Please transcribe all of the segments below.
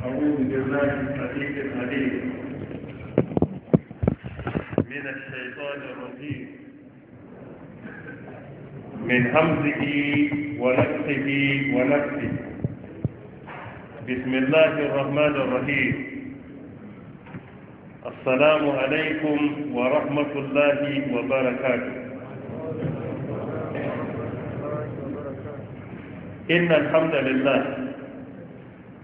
أعوذ بالله الحديث العليم من الشيطان الرجيم من همزه ونفسه ونفسه بسم الله الرحمن الرحيم السلام عليكم ورحمة الله وبركاته إن الحمد لله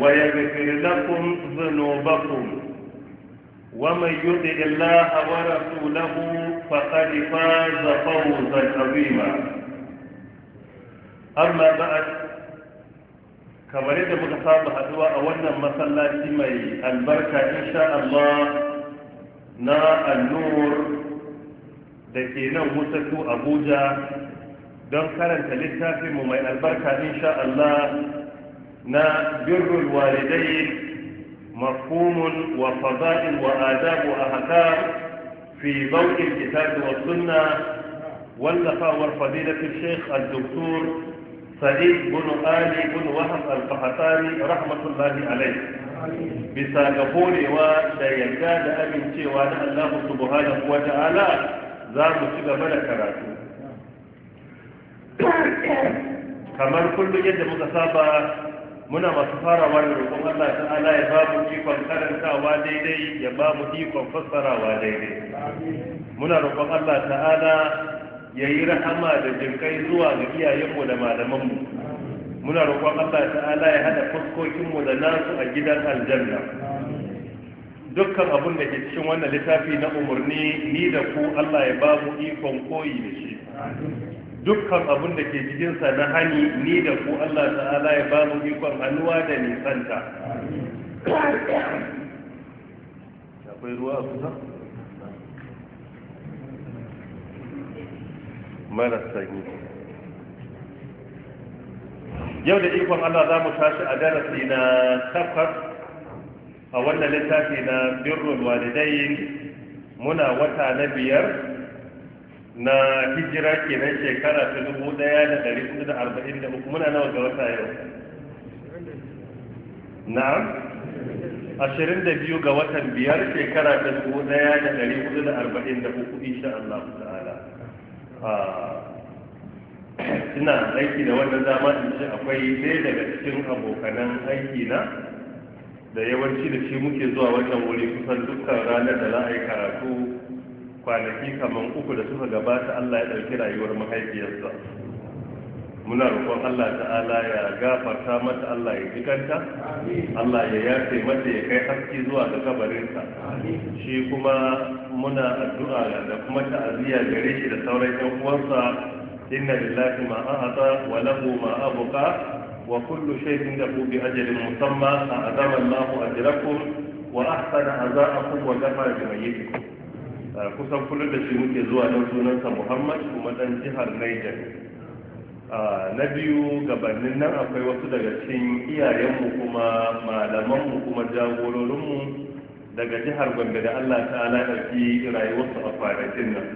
ويغفر لكم ذنوبكم ومن يطع الله ورسوله فقد فاز فوزا عظيما أما بعد kamar yadda muka saba haduwa a wannan masallaci mai albarka insha Allah na annur da ke nan wutatu Abuja don karanta littafinmu mai albarka insha Allah نا بر الوالدين مفهوم وفضائل وآداب وأحكام في ضوء الكتاب والسنة واللقاء والفضيلة الشيخ الدكتور سعيد بن آلي بن وهب القحطاني رحمة الله عليه بسابقون وشيكاد أبن تيوان الله سبحانه وتعالى زام سيبا بلا راتو كمان كل يد متصابه muna masu farawa da roƙon Allah ta'ala ya ba mu ikon karantawa daidai ya ba mu ikon fassarawa daidai muna roƙon Allah ta'ala ya yi rahama da jinkai zuwa ga iyayenmu da malamanmu muna roƙon Allah ta'ala ya haɗa fuskokinmu da nasu a gidan aljanna dukkan abin da ke cikin wannan littafi na umarni ni da ku Allah ya ba mu ikon koyi da shi dukkan abin da ke cikinsa na hani ni da ku Allah ta'ala ya ba mu ikon hannuwa da nisanta akwai yau da ikon Allah za mu tashi a darasi na takwas a wannan littafi na birnin walidai muna wata na biyar na hijira ke nan shekara ta dubu daya da dari hudu da arba'in da uku muna nawa ga wata yau na ashirin da biyu ga watan biyar shekara ta dubu daya da dari hudu da arba'in da uku insha Allah ta'ala ah, ina aiki da wannan dama in ce akwai ɗaya daga cikin abokanan aiki na da yawanci da shi muke zuwa wannan wuri kusan dukkan ranar da za a yi karatu kwanaki kamar uku da suka gabata Allah ya ɗauki rayuwar mahaifiyarsa muna roƙon Allah ta'ala ya gafarta mata Allah ya jikanta Allah ya yafe mata ya kai haske zuwa ga kabarinsa. shi kuma muna addu'a da kuma ta'aziyya gare shi da sauran ƴan uwansa inna lillahi ma a'ata wa lahu ma abqa wa kullu shay'in lahu bi ajalin musamma a'azama Allahu ajrakum wa ahsana azaakum wa ghafara limayyitikum kusan kullum da shi muke zuwa dan sunansa muhammad kuma dan jihar niger na biyu gabanin nan akwai wasu daga cikin iyayenmu kuma malamanmu kuma jagororinmu daga jihar gombe da allah ta'ala ɗauki rayuwarsu a kwanakin nan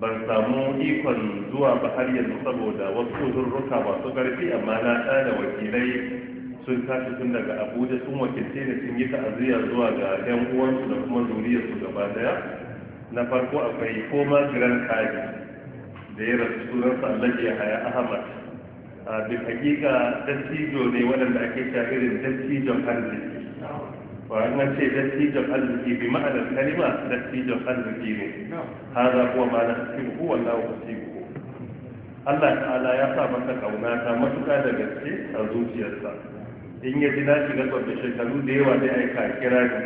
ban samu ikon zuwa ba har yanzu saboda wasu uzurruka masu ƙarfi amma na da wakilai sun tashi tun daga abuja sun wakilce da sun yi ta'aziyya zuwa ga 'yan uwansu da kuma zuriyarsu gaba daya na farko akwai koma jiran kari da ya rasu sunansa allaji ya haya ahmad a bin hakika dattijo ne waɗanda ake sha dattijon arziki wa an ce dattijon arziki bi ma'anar kalima dattijon arziki ne za kuwa ma na sibu wallahu sibu Allah ta'ala ya sa masa kauna ta matuƙa da gaske a zuciyarsa in ya ji na shiga sabbin shekaru da yawa da aika kira ne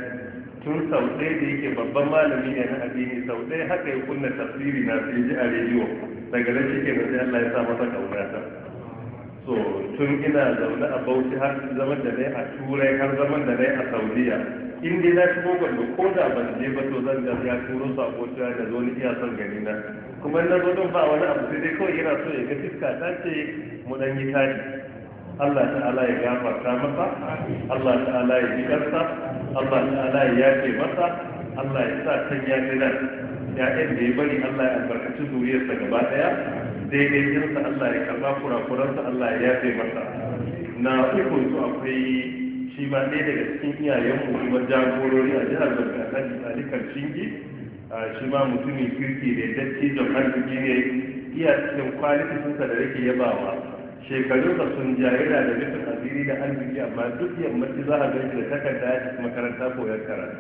tun sau ɗaya da yake babban malami ne na addini sau ɗaya haka ya kunna tafsiri na sai ji a rediyo daga nan shi kenan sai Allah ya sa masa kauna ta so tun ina zaune a Bauchi har zaman da nayi a Turai har zaman da nayi a Saudiya in dai na shigo da ko da ban je ba to zan ga ya turo sako ta da zo ni iya son gani na kuma na zo don ba wani abu sai dai kawai yana so ya ga fiska ta ce mu dan yi tari Allah ta'ala ya gafarta masa Allah ta'ala ya ji kansa Allah ta'ala ya yake masa Allah ya sa ta ya ji nan ya'yan da ya bari Allah ya albarkaci zuriyarsa gaba daya daidai jinsa Allah ya karba kurakuransa Allah ya yafe masa na uku su akwai shi ma ɗaya daga cikin iyayenmu kuma jagorori a jihar Bauchi Alhaji Alikar Shingi shi ma mutumin kirki da dattijon arziki ne iya cikin kwalifikinsa da yake yabawa shekarunsa sun yana da bisa asiri da arziki amma duk yammaci za a gaji da takarda a cikin makaranta koyar karatu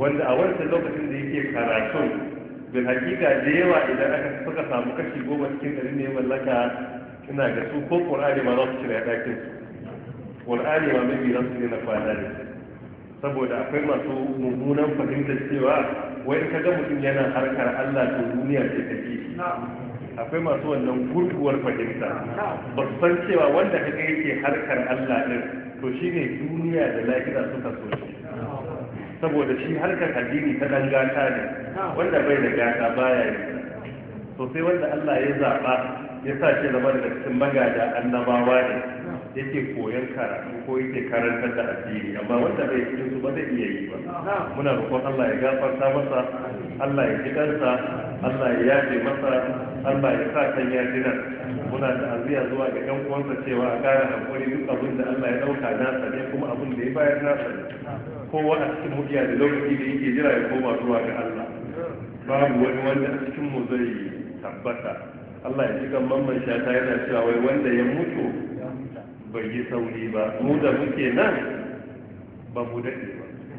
wanda a wancan lokacin da yake karatu bin hakika da yawa idan aka saka samu kashi goma cikin ɗari ne mallaka ina ga su ko ƙur'ani ma za su cire ɗakin ma mai za ne na kwana ne saboda akwai masu mummunan fahimtar cewa wai ka ga mutum yana harkar allah to duniya ce take akwai masu wannan gurguwar fahimta ba su san cewa wanda kaga yake harkar Allah din to shi ne duniya da lahira suka so shi saboda shi harkar addini ta dan gata ne wanda bai da gata baya yi to wanda Allah ya zaɓa ya sa shi zama da cikin magada annabawa ne yake koyar karatu ko yake karantar da addini amma wanda bai cikin su ba zai iya yi ba muna roƙon Allah ya gafarta masa Allah ya ji dansa Allah ya yafe masa Allah ya sa kan ya muna muna ta'aziyya zuwa ga ɗan uwansa cewa a ƙara hankali duk abin da Allah ya ɗauka nasa ne kuma abin da ya bayar nasa ne kowa a cikin mutiya da lokaci da yake jira ya koma zuwa ga Allah babu wani wanda a cikin mu zai tabbata Allah ya ji kan mamman shata yana cewa wai wanda ya mutu bai yi sauri ba mu da muke nan ba mu daɗe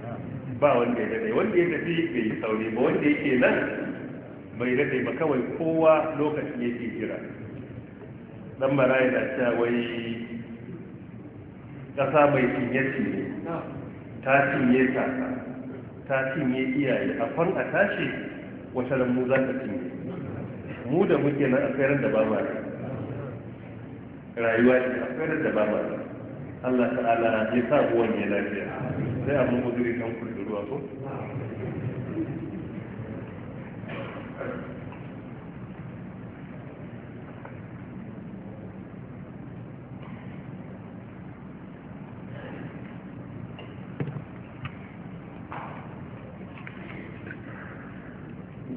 ba ba wanda ya daɗe wanda ya tafi bai yi sauri ba wanda yake nan bai daɗe ba kawai kowa lokaci yake jira dan maraya da cewa wai ƙasa mai cinye cinye ta cinye ta ta cinye iyaye a fan a tashi wata mu za ta cinye mu da muke nan a tsayar da ba ba rayuwa ce akwai da babu Allah ta'ala ya sa buwan ya lafiya sai abin uzuri kan kulluruwa ko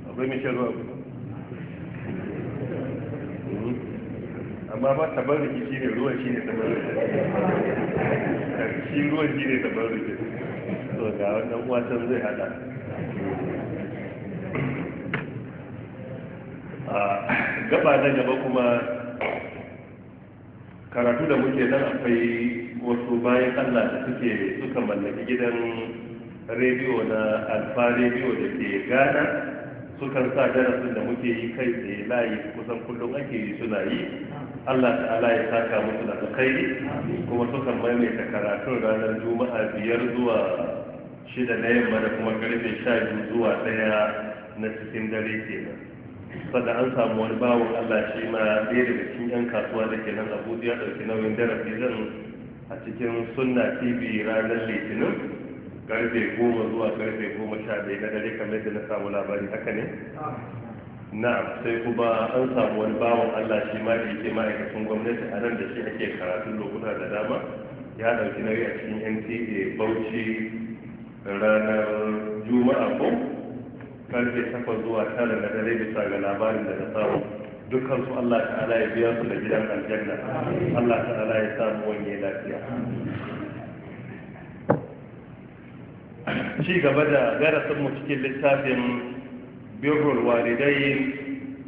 akwai mai shirwa tabarruki shi ne ruwan shi ne tabarruki shi ruwan shi ne to ga wannan wasan zai hada gaba na gaba kuma karatu da muke nan akwai wasu bayan allah da suke suka mallaki gidan rediyo na alfa rediyo da ke gana sukan sa darasin da muke yi kai tsaye layi kusan kullum ake yi suna yi Allah ta'ala ya saka musu da alkhairi kuma sukan maimaita karatun ranar juma'a biyar zuwa shida na yamma da kuma karfe sha biyu zuwa ɗaya na cikin dare kenan sannan an samu wani bawon Allah shi ma ɗaya daga cikin 'yan kasuwa da ke nan abuja ya ɗauki nauyin darasi zan a cikin sunna tv ranar litinin karfe goma zuwa karfe goma sha ɗaya na dare kamar da na samu labari haka ne na'am sai kuma an samu wani bawan Allah shi ma da yake ma'aikatan gwamnati a nan da shi ake karatu lokuta da dama ya ɗauki nauyi a cikin NTA Bauchi ranar Juma'a ko karfe takwas zuwa tara na dare bisa ga labarin da na samu dukkan su Allah ta'ala ya biya su da gidan aljanna Allah ta'ala ya samu wani lafiya ci gaba da darasin mu cikin littafin birrul walidain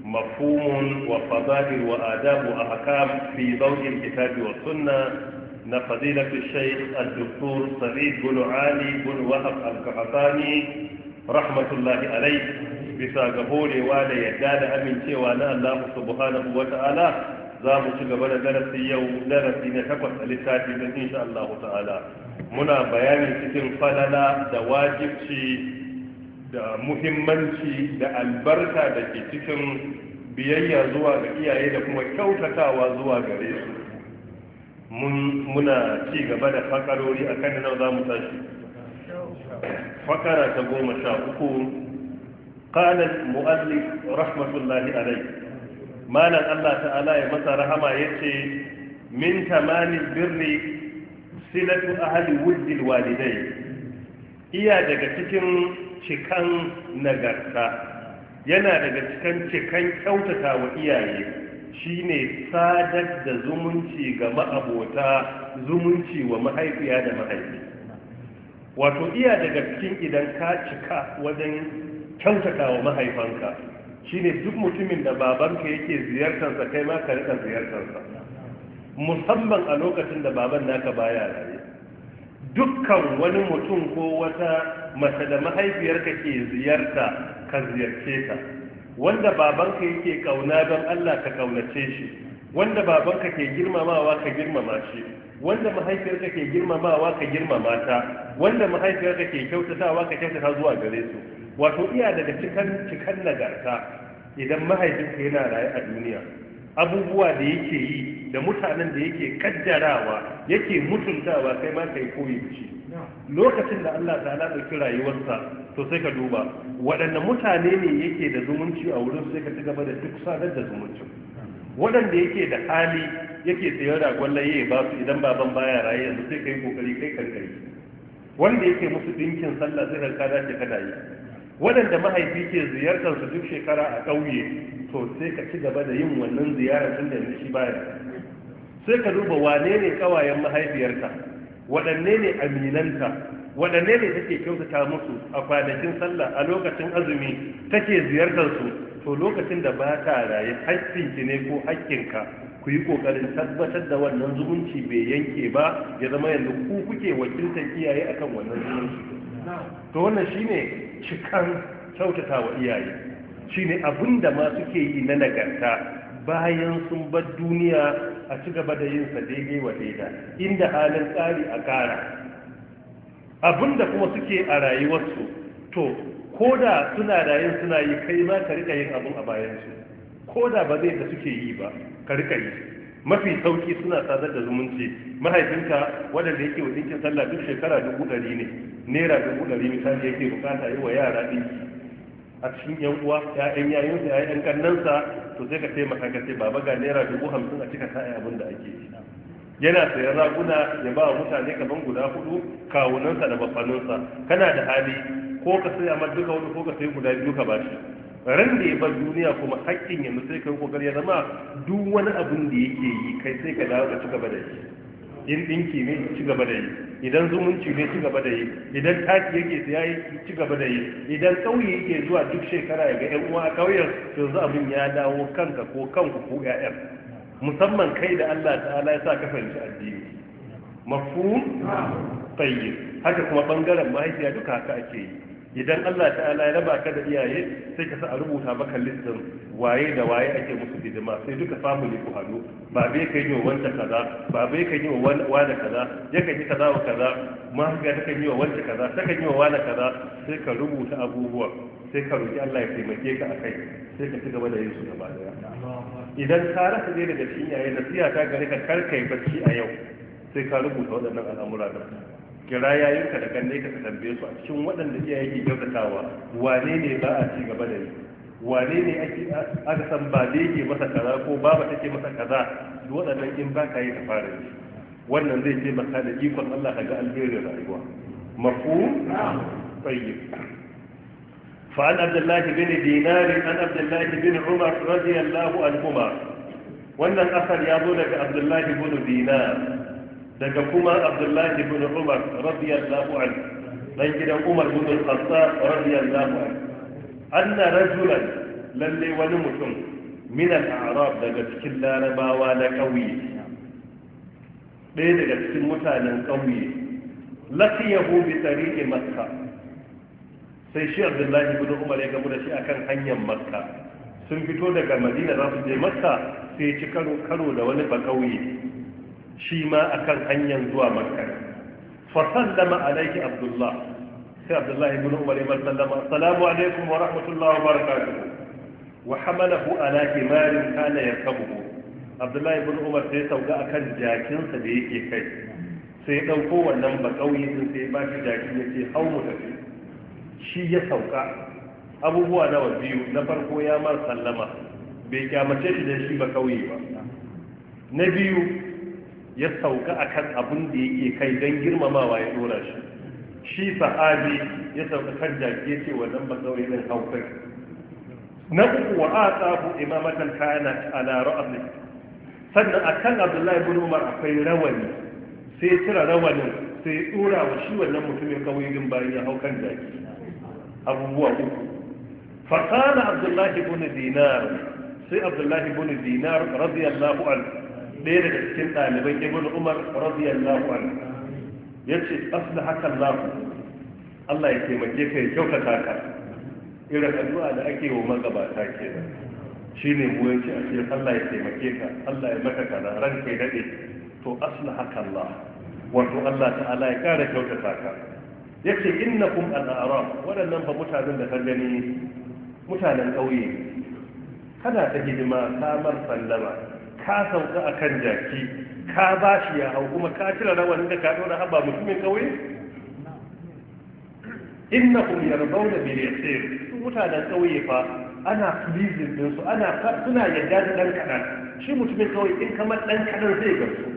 مفهوم وفضائل وآداب وأحكام في ضوء الكتاب والسنة نفضيلة الشيخ الدكتور سعيد بن علي بن وهب القحطاني رحمة الله عليه bisa ga horewa da yadda da amincewa na Allah subhanahu wa ta'ala za mu ci gaba da darasi yau darasi na takwas a littafi na insha Allah ta'ala muna bayanin cikin falala da wajibci da muhimmanci da albarka da ke cikin biyayya zuwa ga iyaye da kuma kyautatawa zuwa gare su muna ci gaba da fakarori a kan nan za mu tashi fakara ta goma sha uku kanan mu'allif rahmatullahi alai malam allah ta'ala ya masa rahama ya ce min tamani birni silatu ahali wuddil walidai iya daga cikin cikan nagarta yana daga cikan cikan kyautata wa iyaye shine sadar da zumunci ga ma'abota zumunci wa mahaifiya da mahaifi wato iya daga cikin idan ka cika wajen kyautata wa mahaifanka shine duk mutumin da babanka yake ziyartarsa kai ma ka rika ziyartarsa musamman a lokacin da baban naka baya raye dukkan wani mutum ko wata mace da mahaifiyarka ke ziyarta ka ziyarce ta wanda babanka yake kauna don Allah ka kaunace shi wanda babanka ke girmamawa ka girmama shi wanda mahaifiyarka ke girmamawa ka girmama ta wanda mahaifiyarka ke kyautatawa ka kyautata zuwa gare su wato iya daga cikan cikan nagarta idan mahaifinka yana raye a duniya abubuwa da yake yi da mutanen da yake kaddarawa yake mutuntawa kai ma kai koyi da lokacin da Allah Ta ta'ala ɗauki rayuwarsa to sai ka duba waɗanne mutane ne yake da zumunci a wurin sai ka ci gaba da duk sadar da zumuncin waɗanda yake da hali yake tsayar da gwallaye ba su idan baban baya raye yanzu sai yi kokari kai kankari wanda yake musu dinkin sallah sai ka kada ki kada yi waɗanda mahaifi ke ziyartar su duk shekara a ƙauye to sai ka ci gaba da yin wannan ziyarar tun da shi baya sai ka duba wane ne ƙawayen mahaifiyarka waɗanne ne aminanta waɗanne ne take kyautata musu a kwanakin sallah a lokacin azumi take ziyartar su to lokacin da ba ta raye haƙƙinki ne ko haƙƙinka ku yi ƙoƙarin tabbatar da wannan zumunci bai yanke ba ya zama yanzu ku kuke wakiltar iyaye akan wannan zumunci to wannan shine cikan kyautata wa iyaye shi ne abin da ma suke yi na nagarta bayan sun bar duniya a ci gaba da yin sa daidai wa daida inda halin tsari a kara da kuma suke a rayuwarsu to ko da suna rayu suna yi kai ma ka rika yin abin a bayansu ko da ba zai da suke yi ba ka rika yi mafi sauki suna sadar da zumunci mahaifinka wadanda yake wa dinkin sallah duk shekara dubu ɗari ne naira dubu ɗari misali yake bukata yi wa yara dinki a cikin yan uwa ya'yan yayinsa ya'yan kannansa to sai ka taimaka ka ce baba ga naira dubu hamsin a cika sa'a abin da ake yi yana sayan raguna ya ba wa mutane kaman guda hudu kawunansa da babbaninsa kana da hali ko ka saya ma duka wani ko ka sayi guda biyu ka bashi ran da ya bar duniya kuma haƙƙin yanzu sai ka yi ya zama duk wani abin da yake yi kai sai ka dawo ka ci gaba da shi in dinki ne ci gaba da yi idan zumunci ne ci gaba da yi idan taki yake siya yi ci gaba da yi idan ƙauye yake zuwa duk shekara ya ga ƴan uwa a ƙauyen yanzu abin ya dawo kanka ko kanku ko ƴaƴan musamman kai da Allah ta'ala ya sa ka fahimci addini mafhum tayyib haka kuma bangaren mahaifiya duka haka ake yi idan Allah ta'ala ya raba ka da iyaye sai ka sa a rubuta maka listin waye da waye ake musu hidima sai duka ne ku hannu ba bai kai yi wa wanda kaza ba bai kai yi wa wanda kaza ya kan yi kaza wa kaza mahaifiya ta kan yi wa wanda kaza ta kan yi wa wanda kaza sai ka rubuta abubuwa sai ka roki Allah ya taimake ka a kai sai ka ci gaba da yin su gaba daya idan ka rasa dai daga cikin iyaye nasiha ta gare ka karkai bacci a yau sai ka rubuta waɗannan al'amura da kira yayinka da kan ka tambaye su a cikin waɗanda iyaye ke kyautatawa wane ne ba a ci gaba da ni wane ne ake aka san ba da yake masa kaza ko baba take masa kaza duk waɗannan in ba ka yi ka fara yi wannan zai ce maka da ikon Allah ka ga alherin rayuwa Mafu, tayyib fa an abdullahi bin dinar an abdullahi bin umar radiyallahu anhuma wannan asar ya zo daga abdullahi bin dinar daga kuma abdullahi bin umar radiyallahu anhu dan gidan umar ibn al-khattab radiyallahu anhu anna rajulan lalle wani mutum minan arab daga cikin larabawa na ƙauye. ɗaya daga cikin mutanen ƙauye. kauye laqiyahu bi tariqi makka sai shi abdullahi bin umar ya gamu da shi akan hanyar makka sun fito daga madina za su je makka sai ci karo da wani ba ƙauye. shi ma akan hanyar zuwa makka fa sallama alayki abdullah sai Abdullahi ibn umar ya sallama assalamu alaikum wa rahmatullahi wa barakatuh wa hamalahu ala kimarin kana yarkabuhu Abdullahi ibn umar sai sauka akan jakinsa da yake kai sai ɗauko wannan bakauye ƙauye sai ba shi jaki ya ce hau mu tafi shi ya sauka abubuwa nawa biyu na farko ya mar sallama bai kyamace shi da shi bakauye ba na biyu ya sauka akan abin da yake kai don girmamawa ya dora shi shi sahabi ya sauka kan jage ce wannan ba saurayi din haukai na uku wa atsahu imamatan a ala ra'abi sannan a kan abdullahi ibn umar akwai rawani sai cira rawanin sai dora wa shi wannan mutumin din bayan ya hau kan jage abubuwa uku fa abdullahi ibn dinar sai abdullahi ibn dinar radiyallahu anhu ɗaya daga cikin ɗaliban ibn umar Ya ce, yace hakan, lafu Allah ya taimake ka ya kyautata ka irin addu'a da ake wa magabata kenan Shi mu yace a cikin Allah ya taimake ka Allah ya maka kana ran kai daɗe. to hakan lafu wato Allah ta'ala ya kara kyautata ka in na kuma arab waɗannan ba mutanen da ka gani mutanen ƙauye kana ta hidima samar sallama ka sauka a kan jaki ka ba shi ya hau kuma ka cire rawanin da ka ɗora haba mutumin ƙauye innahum yarbawna bil yasir su mutanen ƙauye fa ana pleasing din su ana suna yadda da dan kadan shi mutumin ƙauye in kamar dan kadan zai gamsu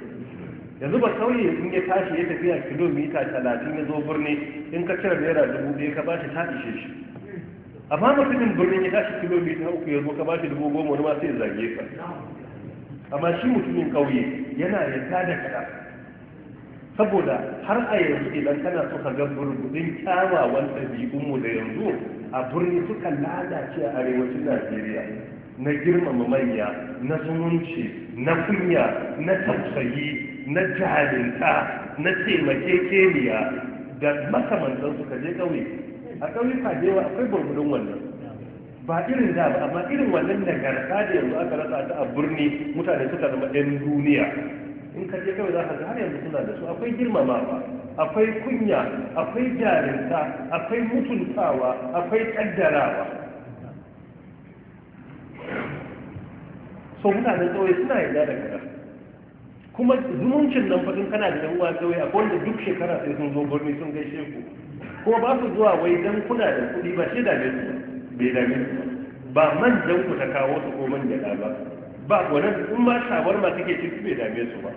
yanzu ba ƙauye in ya tashi ya tafiya kilomita talatin ya zo birni in ka cire naira dubu biyu ka ba shi ta ishe shi amma mutumin birnin ya tashi kilomita uku ya zo ka ba shi dubu goma wani ma sai zage ka amma shi mutumin ƙauye yana yarda da kaɗan saboda har a yanzu idan kana so ka ga burgudin kyawawan mu da yanzu a birni suka lalace a arewacin najeriya na girmama manya na zumunci na kunya na tausayi na jalinta na taimake keniya, da makamantan suka je ƙauye a ƙauyuka da yawa akwai burbudin wannan ba irin da ba amma irin wannan nagarta da yanzu aka rasa ta a birni mutane suka zama ɗan duniya in ka je kawai za ka ga har yanzu suna da su akwai girmamawa akwai kunya akwai jarinta akwai mutuntawa akwai kaddarawa so da tsawai suna yi da kada kuma zumuncin nan fadin kana da uwa tsawai akwai wanda duk shekara sai sun zo birni sun gaishe ku Kuma ba su zuwa wai dan kuna da kuɗi ba shi da ne bai dame ba zan ku ta kawo su ko man gyaɗa ba ba wannan in ma ma take ci bai dame su ba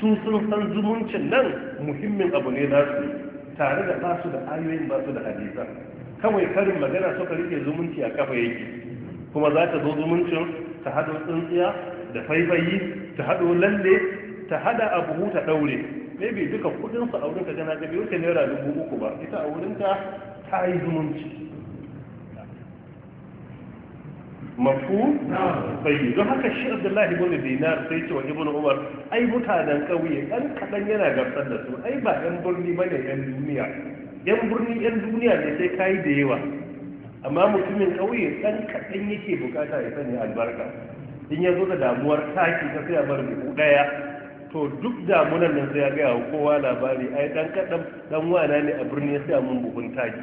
su sun san zumuncin nan muhimmin abu ne za su tare da basu da ayoyin ba da hadisa kawai karin magana suka rike zumunci a kafa yake kuma za ta zo zumuncin ta hado tsintsiya da faifayi ta hado lalle ta hada abu ta ɗaure maybe duka kudin su a wurin ka gana ga biyu ta naira dubu uku ba ita a wurin ta ta yi zumunci mafu bai don haka shi abdullahi ibn dinar sai ce wa ibn umar ai mutanen kauye ɗan kaɗan yana gamsar da su ai ba ɗan birni ba ne duniya Yan birni 'yan duniya ne sai kayi da yawa amma mutumin ƙauye ɗan kaɗan yake bukata ya sani albarka in ya zo da damuwar taki ta sai ya bar buku ɗaya to duk damunan nan sai ya gaya kowa labari ai ɗan kaɗan ɗan wana ne a birni sai a mun buhun taki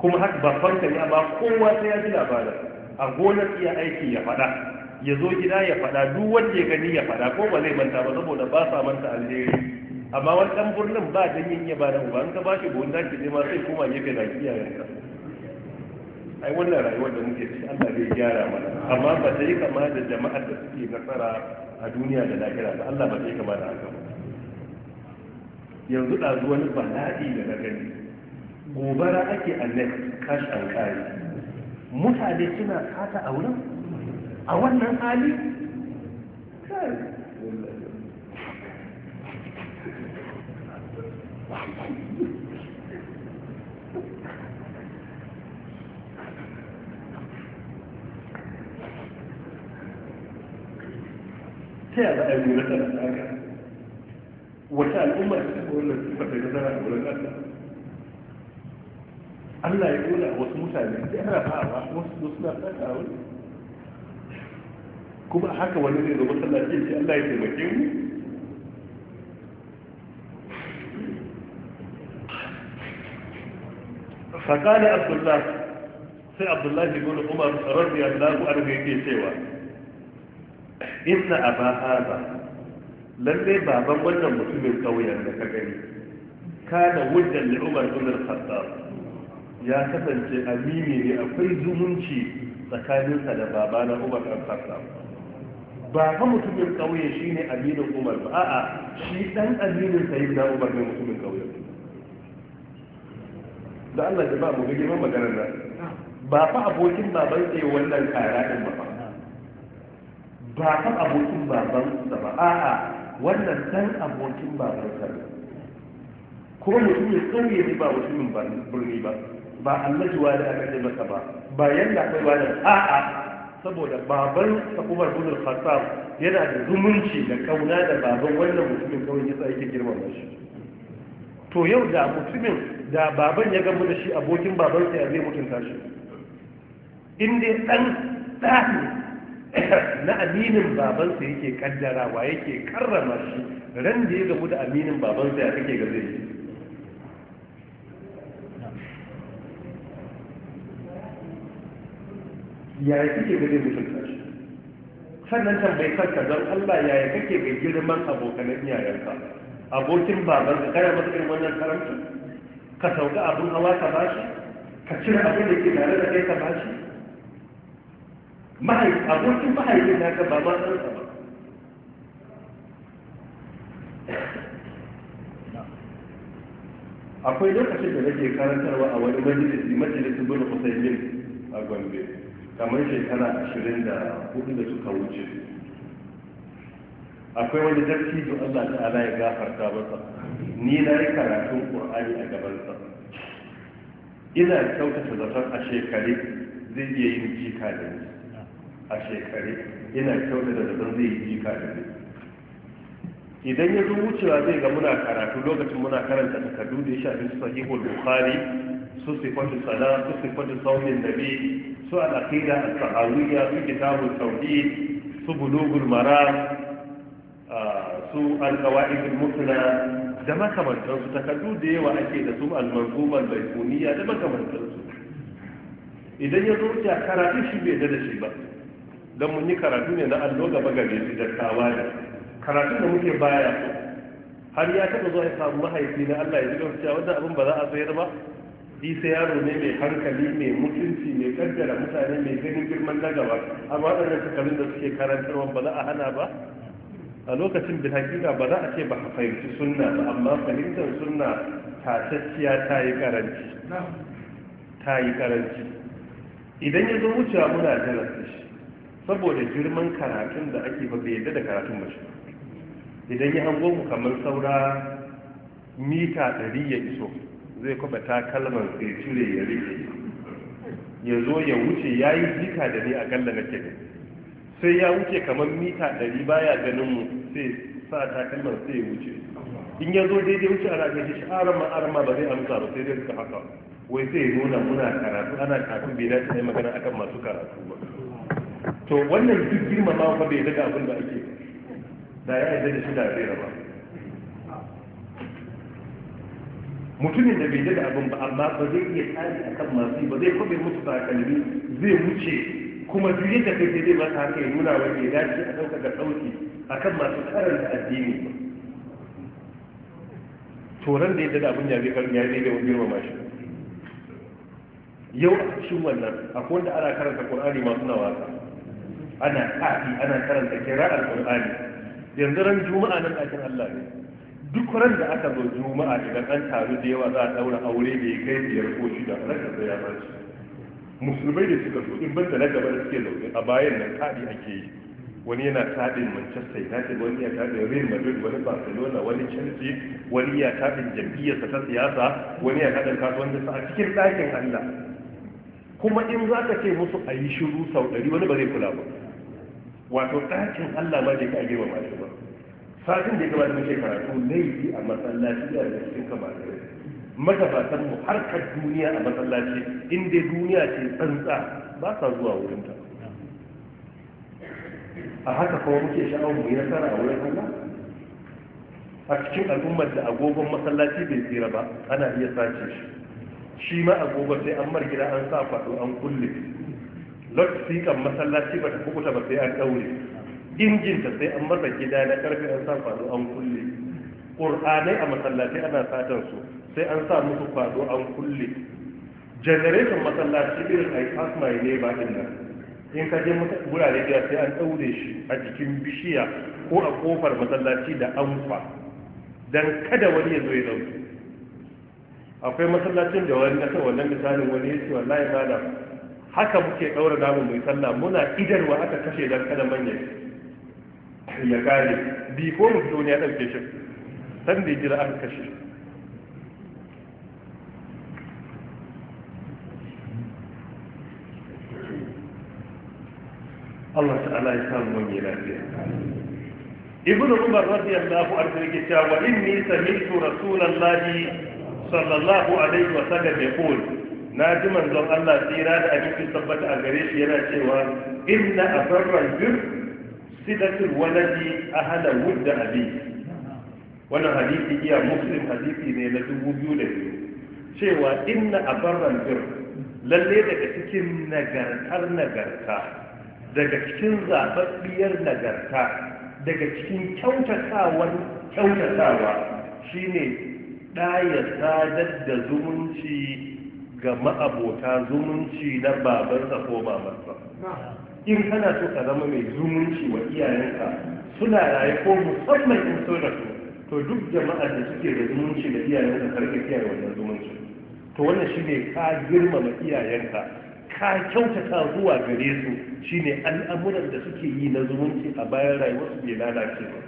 kuma haka ba fanta ne amma kowa sai ya ji labarin a gonar iya aiki ya faɗa ya zo gida ya faɗa duk wanda ya gani ya faɗa ko ba zai manta ba saboda ba sa manta alheri amma wani ɗan birnin ba don yin ya bada uba in ka ba shi buhun zaki ne ma sai kuma ya gefe ya yanka ai wannan rayuwar da muke ci Allah zai gyara mana amma ba ta yi kama da jama'ar da suke nasara a duniya da lahira ba Allah ba zai yi kama da haka ba yanzu ɗazu wani bala'i da na gani gobara ake annabi kash an kare mutane suna sata a wurin a wannan hali ta yaba a yi wata al'umma ta wannan sifar da ta zara a wurin Allah Allah ya a wasu mutane da ya a wasu suna wani kuma haka wani zai zama sallah ce ce Allah ya taimake mu فقال عبد sai سي عبد الله بن عمر رضي الله عنه yake cewa inna aba hada lalle baban wannan mutumin kauyen da ka gani kana wujjan li Umar ibn al-Khattab ya kasance amini ne akwai zumunci tsakaninsa da baba na umar ɗan khattab ba fa mutumin ƙauye shine aminin umar ba a'a shi ɗan aminin sayyid na umar ne mutumin ƙauye da Allah ya ba mu ga girman maganar nan ba fa abokin baban sai wannan kara ɗin ba ba fa abokin baban sa ba a'a wannan dan abokin baban sa ne ko mutumin ƙauye ne ba mutumin birni ba ba annabi da aka ce masa ba ba yanda akwai wani a'a saboda baban sakumar gudun khattab yana da zumunci da kauna da baban wannan mutumin kawai ya yake girmama shi to yau da mutumin da baban ya gamu da shi abokin babansa ya zai mutunta shi in dai dan ɗani na aminin babansa yake kaddarawa yake karrama shi ran da ya gamu da aminin babansa ya kake ga zai yaya kake ga mutum mutunta shi sannan tambayi kanka don Allah yaya kake bai girman abokan iyayenka abokin baban ka kana masa irin wannan karamci ka sauka abin hawa ka bashi ka cire abin da ke tare da kai ka bashi mahaifi abokin mahaifin ka ba ma ka ba akwai lokacin da nake karantarwa a wani majalisi majalisin bin Hussein a Gombe kamar shekara ashirin da hudu da suka wuce akwai wani da Allah ta'ala ya gafarta masa ni na yi karatun Qur'ani a gabansa ina kyautata zaton a shekare zai iya yin jika da ni a shekare ina kyautata zaton zai yi jika da ni idan ya zo wucewa zai ga muna karatu lokacin muna karanta takardu da ya shafi su sahihul bukhari su sifatu sana su sifatu saumin nabi su al-aqida al-sahawiyya su kitab tauhid su bulugul Marar, ah, su al-qawaid al-mutla da makamantar su takaddu da yawa ake da su al-manzuma al da makamantar su idan ya zo ya karatu shi bai da shi ba don mun yi karatu ne na allo gaba gabe dattawa ne karatu da muke baya har ya taɓa zuwa ya samu mahaifi na Allah ya ji gaskiya wannan abin ba za a sayar ba isa yaro ne mai hankali mai mutunci mai kaddara mutane mai ganin girman na gaba amma waɗannan shekarun da suke karantarwa ba za a hana ba a lokacin da hakika ba za a ce ba a fahimci sunna ba amma fahimtar sunna tatacciya ta yi karanci ta yi karanci idan ya zo wucewa muna jalasta shi saboda girman karatun da ake ba bai yadda da karatun ba shi idan ya hango mu kamar saura mita ɗari ya iso zai kwaba takalman sai cire ya rike ya zo ya wuce ya yi jika da ni akalla nake ne sai ya wuce kamar mita ɗari baya ganin mu sai sa takalman sai ya wuce in ya zo daidai wuce ana ga shi arama arama ba zai amsa ba sai dai suka haka wai sai ya nuna muna karatu ana kafin bai dace ai magana akan masu karatu ba to wannan duk girmama fa bai daga abin da ake da ya yarda da shi da zai raba mutumin da bai daga abin ba amma ba zai iya tsari a kan masu ba zai kwabe mutu ba kalbi zai wuce kuma duk yadda kai sai zai masa haka ya nuna wa ya dace a ɗauka ga ɗauki a kan masu da addini toron da ya da abin ya zai karni ya zai da wani girmama yau a cikin wannan akwai wanda ana karanta ƙur'ani masu nawa ana ƙafi ana karanta kira al ƙur'ani yanzu ran juma'a nan ɗakin allah ne duk ran da aka zo juma'a idan an taru da yawa za a daura aure da ya kai biyar ko shida ranka da ya baci musulmai da suka zo in banta na gaba da suke zaune a bayan nan kaɗi ake yi wani yana taɗin manchester united wani ya taɗin real madrid wani barcelona wani chelsea wani ya taɗin jam'iyyarsa ta siyasa wani ya taɗin kasuwancinsa a cikin ɗakin allah kuma in za ka ce musu a yi shiru sau ɗari wani ba zai kula ba wato ɗakin allah ma ke ka girmama shi ba fatin da ya gabata muke karatu laifi a masallaci da da cikin yau, magabatan mu harkar duniya a masallaci inda duniya ce tsantsa ba sa zuwa wurin ta a haka kuma muke sha'awar mu yi nasara a wurin Allah a cikin al'ummar da agogon masallaci bai tsira ba ana iya sace shi shi ma agogon sai an mar gida an sa kwado an kulle lot masallaci ba ta kukuta ba sai an daure injinta sai an masa gida na karfe an sa kwado an kulle ƙur'anai a masallaci ana satan su sai an sa musu kwado an kulle generation masallaci irin a pass my neighbor din nan in ka je wurare da sai an ɗaure shi a jikin bishiya ko a kofar masallaci da amfa dan kada wani ya zo ya ɗauki akwai masallacin da wani nasa wannan misalin wani ya ce wallahi haka muke ɗaura namu mai sallah muna idarwa aka kashe dan kada manyan ya kare before mutum ya ɗauke shi san da ya jira an kashe Allah ta'ala ya samu wani lafiya ibnu umar radiyallahu anhu yake cewa wa inni sami'tu rasulullahi sallallahu alaihi wa sallam yaqul na ji manzon Allah tsira da abin tabbata a gare shi yana cewa inna asarra bir sidatul waladi ahala wudda abi wannan hadisi iya muslim hadisi ne na dubu biyu da biyu cewa inna abarran bir lalle daga cikin nagartar nagarta daga cikin zababbiyar nagarta daga cikin kyautatawa shi ne ɗaya sadar da zumunci ga ma'abota zumunci na babansa ko babansa. in kana so ka zama mai zumunci wa iyayenka suna raye ko musamman in so da su to duk jama'a da suke da zumunci da iyayenka karka kiyaye wannan zumunci to wannan ne ka girmama iyayenka ka kyautata zuwa gare su shi ne al'amuran da suke yi na zumunci a bayan su bai lalace ba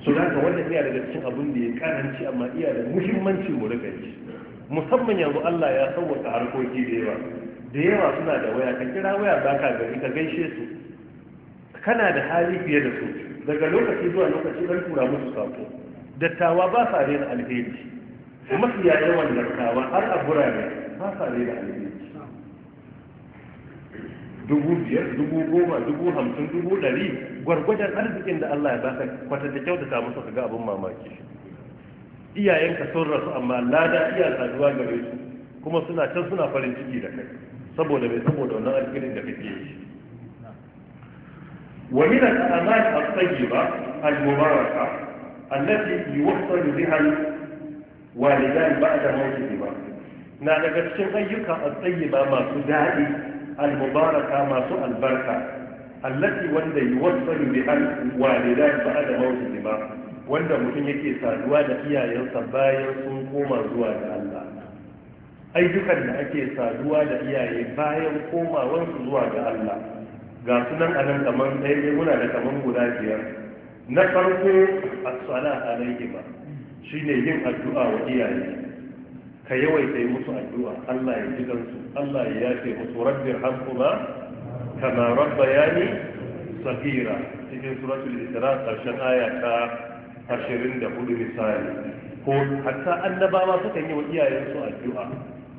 su da wannan iya daga cikin abin da ya karanci amma iya da muhimmanci mu riga yi musamman yanzu Allah ya sauwaka harkoki da yawa da yawa suna da waya ka kira waya ba ka gari ka gaishe su kana da hali fiye da su daga lokaci zuwa lokaci ɗan tura musu sako dattawa ba sa rena alheri mafiya yawan dattawa har a burane ba sa rena alheri dubu biyar dubu goma dubu hamsin dubu ɗari gwargwadon arzikin da Allah ya baka kwatanta ta musu ka ga abin mamaki iyayenka sun rasu amma lada iya saduwa gare su kuma suna can suna farin ciki da kai saboda bai saboda wannan alkhairin da kake yi wa min al-amal at-tayyiba al-mubaraka allati yuwassalu biha walidan ba'da mawtihima na daga cikin ayyuka at-tayyiba masu dadi, al-mubaraka masu albarka allati wanda yuwassalu biha walidan ba'da mawtihima wanda mutum yake saduwa da iyayensa bayan sun koma zuwa ga Allah ayyukan da ake saduwa da iyaye bayan komawar zuwa ga Allah ga sunan anan kamar ɗaya ne muna da kaman guda biyar na farko as-sala alayhi ba shine yin addu'a wa iyaye ka yawaita yi musu addu'a Allah ya ji gansu Allah ya yafe musu rabbir hamkuma kama rabbayani safira cikin suratul isra karshen aya ta hudu misali ko hatta annabawa sukan yi wa iyayensu addu'a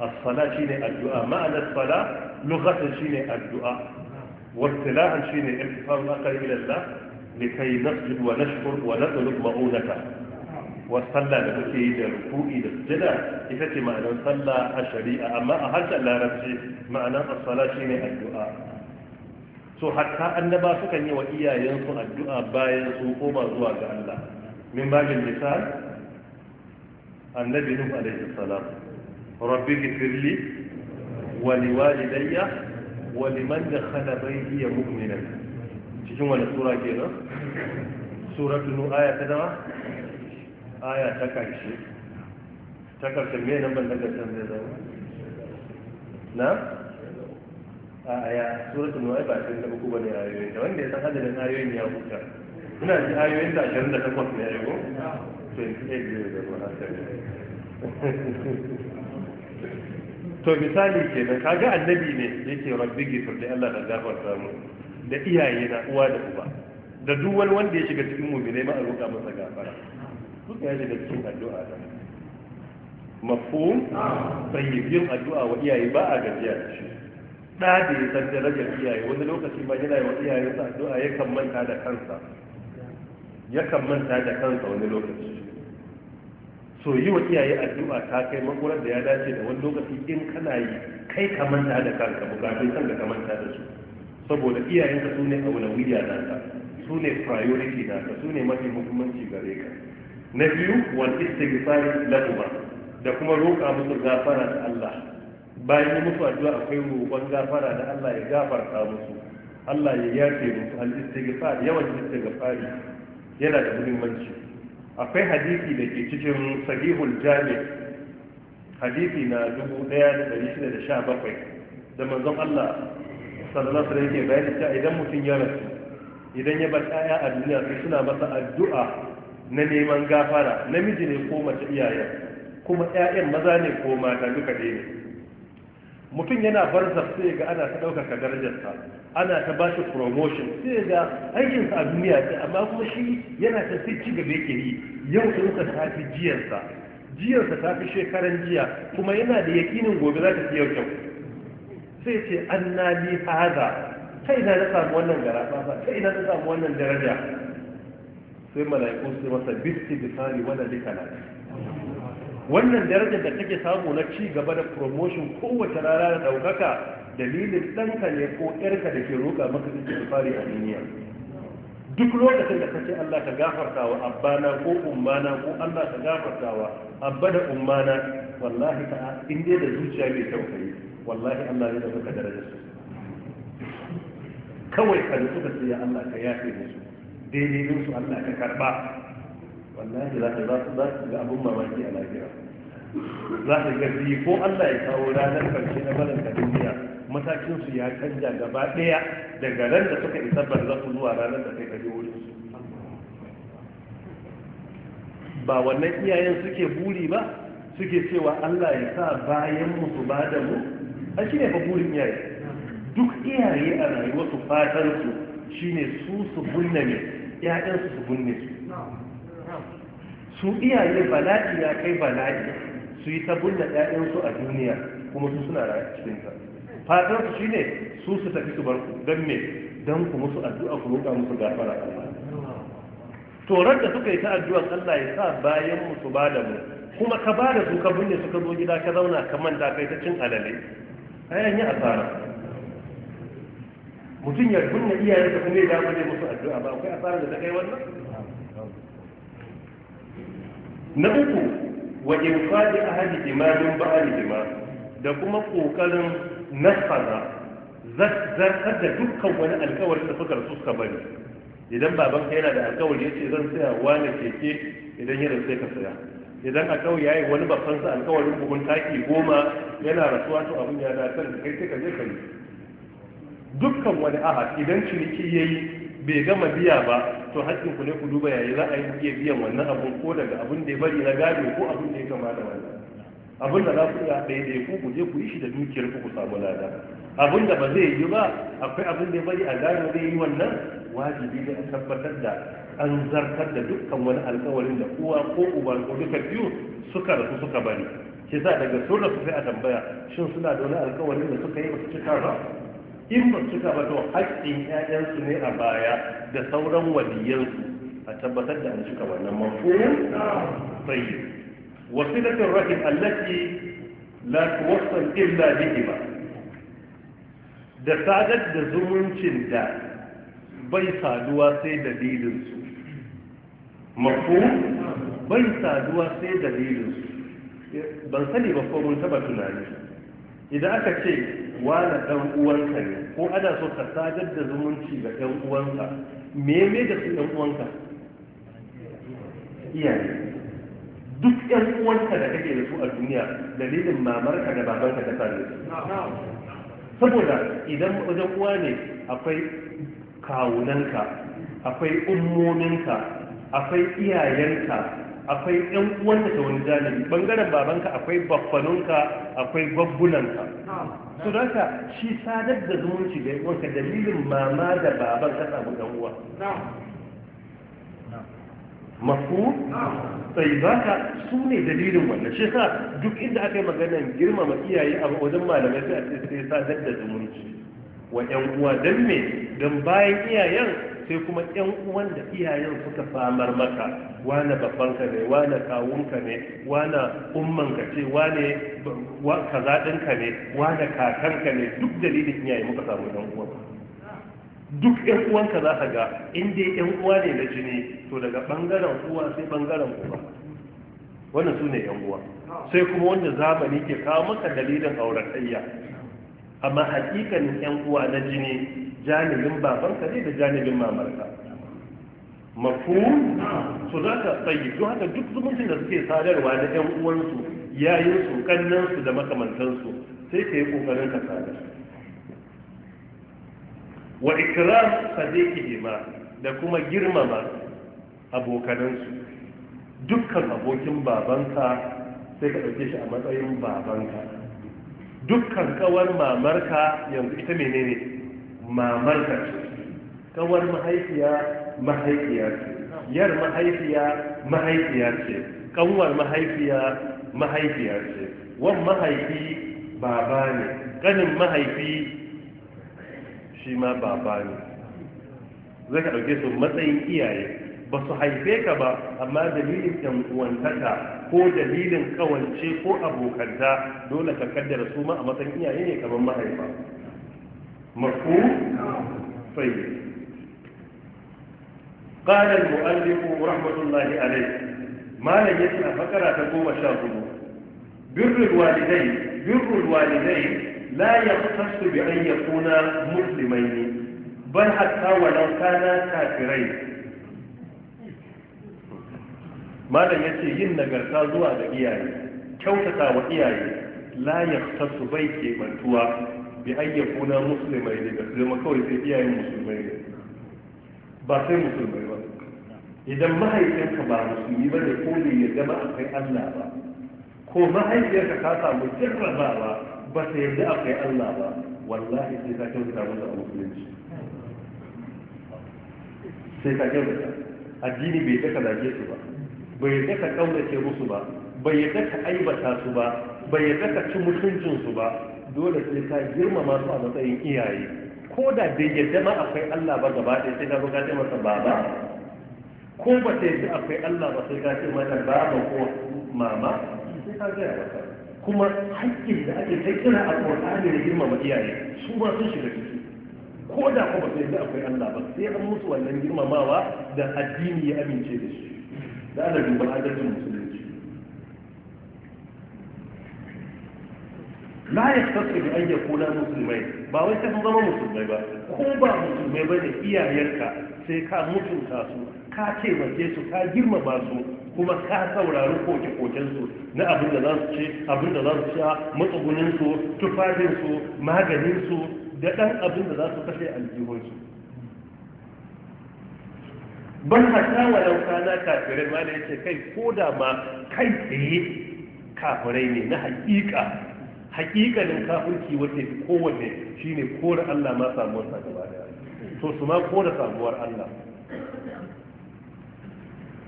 as-sala shine addu'a ma'anar sala lughatan shine addu'a shine واستلاحا شيء ارتفاع الاثر الى الله لكي نسجد ونشكر ونطلب مؤونته وصلى sallah da kake ruku'i da sujada ita ce ma'anar sallah a shari'a amma a harshen larabci ma'anar as-sala shine addu'a so hatta annaba sukan yi wa iyayensu addu'a bayan sun koma zuwa ga Allah min babin misal annabi Nuhu alaihi salam rabbi gifirli wa liwalidayya wa liman dakhala iya mu'minan cikin wani sura kenan suratu nu aya ta dama aya ta karshe ta karshe me nan ban daga can zai zama na a aya suratu nu aya ba ta da ku bane ayoyin da wanda ya san adadin ayoyin ya huta ina ji ayoyin da takwas ne ayo yi ne da ba haka ne to misali ke da kaga annabi ne yake rabbi gifir da Allah da gafarta mu da iyaye na uwa da uba da duk wani wanda ya shiga cikin mu'mine ma a roƙa masa gafara duk ya shiga cikin addu'a da mafhum tayyibin addu'a wa iyaye ba a gajiya da shi da da ya san darajar iyaye wani lokaci ma yana yi wa iyaye sa addu'a ya kan manta da kansa ya kan manta da kansa wani lokaci so yi wa iyaye addu'a ta kai makwarar da ya dace da wani lokaci in kana yi kai ka manta da kanka bukatun kan ka manta da su saboda sune su ne wuya na su ne priority na su ne mafi muhimmanci gare ka na biyu wal istighfar lahuma da kuma roƙa musu gafara da Allah bayan musu addu'a akwai roƙon gafara da Allah ya gafarta musu Allah ya yafe musu al istighfar yawan istighfari yana da muhimmanci akwai hadisi da ke cikin sahihul jami hadisi na 1617 da manzon Allah sallallahu alaihi wasallam bayani cewa idan mutum ya rasu idan ya bar ɗaya a duniya sai suna masa addu'a na neman gafara namiji ne ko mace iyayen kuma ƴaƴan maza ne ko mata duka dai ne mutum yana barza sai ga ana ta ɗaukaka darajarsa ana ta ba shi promotion sai ga aikinsa a duniya ce amma kuma shi yana ta sai ci gaba yake yi yau ɗinsa ta fi jiyarsa jiyarsa ta fi shekaran jiya kuma yana da yakinin gobe za ta fi yau kyau sai ce an na li haza kai na na samu wannan gara ba kai na na samu wannan daraja sai mala'iku sai masa bisti bisani wannan dukkan wannan darajar da take samu na ci gaba da promotion kowace rana da ɗaukaka dalilin ɗanka ne ko ƴarka da ke roƙa maka fari a duniya duk lokacin da kace Allah ka gafarta wa abbana ko ummana ko Allah ka gafarta wa abba da ummana wallahi ta in dai da zuciya mai tausayi? wallahi Allah zai dauka darajar su kawai ka nutsu ka ya Allah ka yafe musu daidai su Allah ka karba wallahi za ka za su ga abin mamaki a lafiya za ka ga ko Allah ya kawo ranar karshe na barin ta duniya matakin su ya canja gaba daya daga ran da suka isa barzaku zuwa ranar da kai kaje wurin su ba wannan iyayen suke buri ba suke cewa Allah ya sa bayan mu su ba da mu a shi ne fa burin iyaye duk iyaye a rayuwar su fatan su shine su su bunne ne su bunne su su iyaye bala'i ya kai bala'i su yi ta bulla ɗayansu a duniya kuma su suna rayu cikin ta fatan su shine su su tafi su bar ku dan me dan ku musu addu'a ku roƙa musu gafara Allah to da suka yi ta addu'an Allah ya sa bayan mu su bada mu kuma ka bada su ka binne su ka zo gida ka zauna ka manta kai ta cin alale ayan yi asara mutum ya iyayen iyayensa kuma ya damu ne musu addu'a ba akwai asara da ta kai wannan na uku wa infadi ahadi imamin ba'ali ima da kuma kokarin nasara zartar da dukkan wani alkawari da suka rasu suka bari idan babanka yana da alkawari yace zan saya wani keke idan yana sai ka saya idan a kawai yayi wani babban sa alkawarin bugun taki goma yana rasuwa to abin ya da kan kai sai ka je ka yi dukkan wani ahad idan ciniki yayi bai gama biya ba to haƙƙin ku ne ku duba yayi za a yi iya biyan wannan abun ko daga abun da ya bari na gado ko abun da ya kamata da wannan abun da za ku iya daidai ku ku je ku yi shi da dukiyar ku ku samu lada abun da ba zai yi ba akwai abun da ya bari a gado zai yi wannan wajibi ne a tabbatar da an zartar da dukkan wani alƙawarin da uwa ko uba ko duka biyu suka rasu suka bari ke za daga sun rasu sai a tambaya shin suna da wani alkawarin da suka yi ba su cika ba in ba su ba to haƙƙin ƴaƴansu ne a baya da sauran waliyansu a tabbatar da an cika wannan wasu da wasilatin rahim allati la tuwassal illa bihima da sadar da zumuncin da bai saduwa sai dalilinsu mafu bai saduwa sai dalilinsu ban sani ba ko mun taba tunani idan aka ce wala dan uwanka ne ko ana so ka sadar da zumunci ga dan uwanka me me da su dan uwanka iyaye duk ɗan uwanka da kake da su a duniya dalilin mamarka da babanka ta sani. saboda idan wajen uwa ne akwai kawunanka akwai ummominka akwai iyayenka akwai yan uwanka ta wani janibi bangaren babanka akwai baffanunka akwai babbunanka su haka shi sadar da zumunci da wanka dalilin mama da baban ka samu dan uwa mafu sai za ka su ne dalilin wannan shi sa duk inda aka yi maganar girmama iyaye a wajen malamai sai a ce sai sadar da zumunci wa yan uwa don me don bayan iyayen sai kuma yan uwan da iyayen suka samar maka wane babbanka ne wane kawunka ne wane ummanka ce wane kazaɗinka ne wane kakanka ne duk dalilin iyaye muka samu yan uwan duk yan uwanka za ka ga in dai yan uwa ne na jini to daga bangaren uwa sai bangaren uwa wannan su ne yan uwa sai kuma wanda zamani ke kawo maka dalilin auratayya amma hakikanin yan uwa na jini janibin babanka ne da janibin mamarka mafu su za ka tsayi don haka duk zumuncin da suke sadarwa da yan uwansu yayin su kannansu da makamantansu sai ka yi kokarin ka sadar wa ikram sadiqi ma da kuma girmama abokanansu dukkan abokin babanka sai ka ɗauke shi a matsayin babanka dukkan kawar mamarka yanzu ita menene Mamarka ka ce kawar mahaifiya mahaifiya ce yar mahaifiya mahaifiya ce kawar mahaifiya mahaifiya ce wan mahaifi baba ne mahaifi shi ma baba ne zai ka ɗauke su matsayin iyaye ba su haife ka ba amma dalilin yankuwantaka ko dalilin kawance ko abokanta dole ka kaddara su ma a matsayin iyaye ne kamar mahaifa مفهوم طيب قال المؤلف رحمة الله عليه ما لم يسمع فكرة تقوم شاهده بر الوالدين بر الوالدين لا يختص بأن يكونا مسلمين بل حتى ولو كانا كافرين ما لم يسمع yin nagarta zuwa ga iyaye kyautata wa iyaye la yaktasu bai ke bi ayyan kuna musulmai ne da zama kawai sai iyayen musulmai ne ba sai musulmai ba idan mahaifinka ba musulmi ba ne ko ne ya zama kai allah ba ko mahaifiyarka ka samu jarrabawa ba ta yarda kai allah ba wallahi sai ka kyauta musu a musulunci sai ka kyauta addini bai daka zage su ba bai daka kaunace musu ba bai daka aibata su ba bai daka ci mutuncinsu ba dole sai ka girmama su a matsayin iyaye ko da bai yadda ma akwai Allah ba gaba ɗaya sai ka ga ka masa baba ko ba ta yadda akwai Allah ba sai ka ce masa baba ko mama sai ka gaya ya kuma haƙƙin da ake ta kira a Qur'ani da girmama iyaye su ba sun shiga ciki ko da ko ba sai da akwai Allah ba sai an musu wannan girmamawa da addini ya amince da shi da ana duba adalcin musulunci la ya tafi da ayyar kula musulmai ba wai ka zama musulmai ba ko ba musulmai ba ne iyayenka sai ka mutunta su ka taimake su ka girmama su kuma ka saurari koke koken su na abin da za su ce abin da za su sha matsugunin tufafinsu tufafin maganin su da ɗan abin da za su kashe aljihunsu su ban wa walau kana kafirai ma da yake kai ko da ma kai tsaye kafirai ne na hakika hakikalin kafirci wace kowanne shine kore Allah ma samuwar sa gaba daya to su ma kore samuwar Allah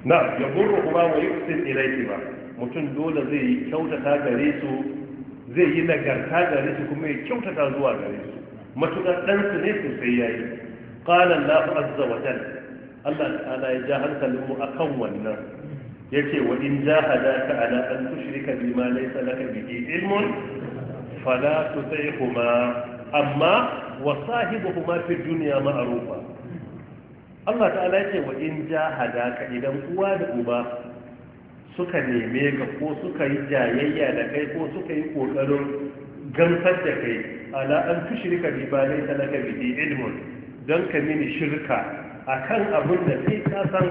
na ya burru kuma wa kusin ilaiki ba mutum dole zai yi kyautata gare su zai yi nagarta gare su kuma ya kyautata zuwa gare su Matuƙar dan su ne su sai yayi na Allahu azza wa jalla Allah ta'ala ya ja hankalin mu akan wannan yace wa in ka ala an tushrika bima laysa laka bihi ilmun fala tuti'huma amma wa sahibuhuma fi dunya ma'rufa Allah ta'ala yake wa in jahadaka idan uwa da uba suka neme ka ko suka yi jayayya da kai ko suka yi kokarin gamsar da kai ala an shirka bi ba laysa laka bi ilmun dan ka mini shirka akan abin da sai ka san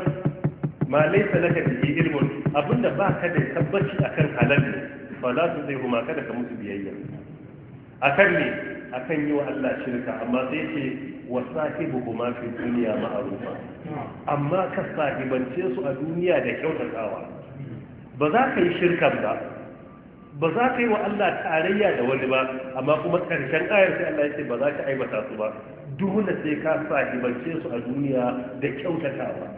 ma laysa laka bi ilmun abin da ya da tabbaci akan halal fa la zai kuma kada ka musu biyayya akan ne akan yi wa Allah shirka amma sai ce wa sahibu kuma fi duniya ma'arufa amma ka sahibance su a duniya da kyautatawa ba za ka yi shirkan ba ba za ka yi wa Allah tarayya da wani ba amma kuma karshen ayar sai Allah ya ce ba za ka aibata su ba dole sai ka sahibance su a duniya da kyautatawa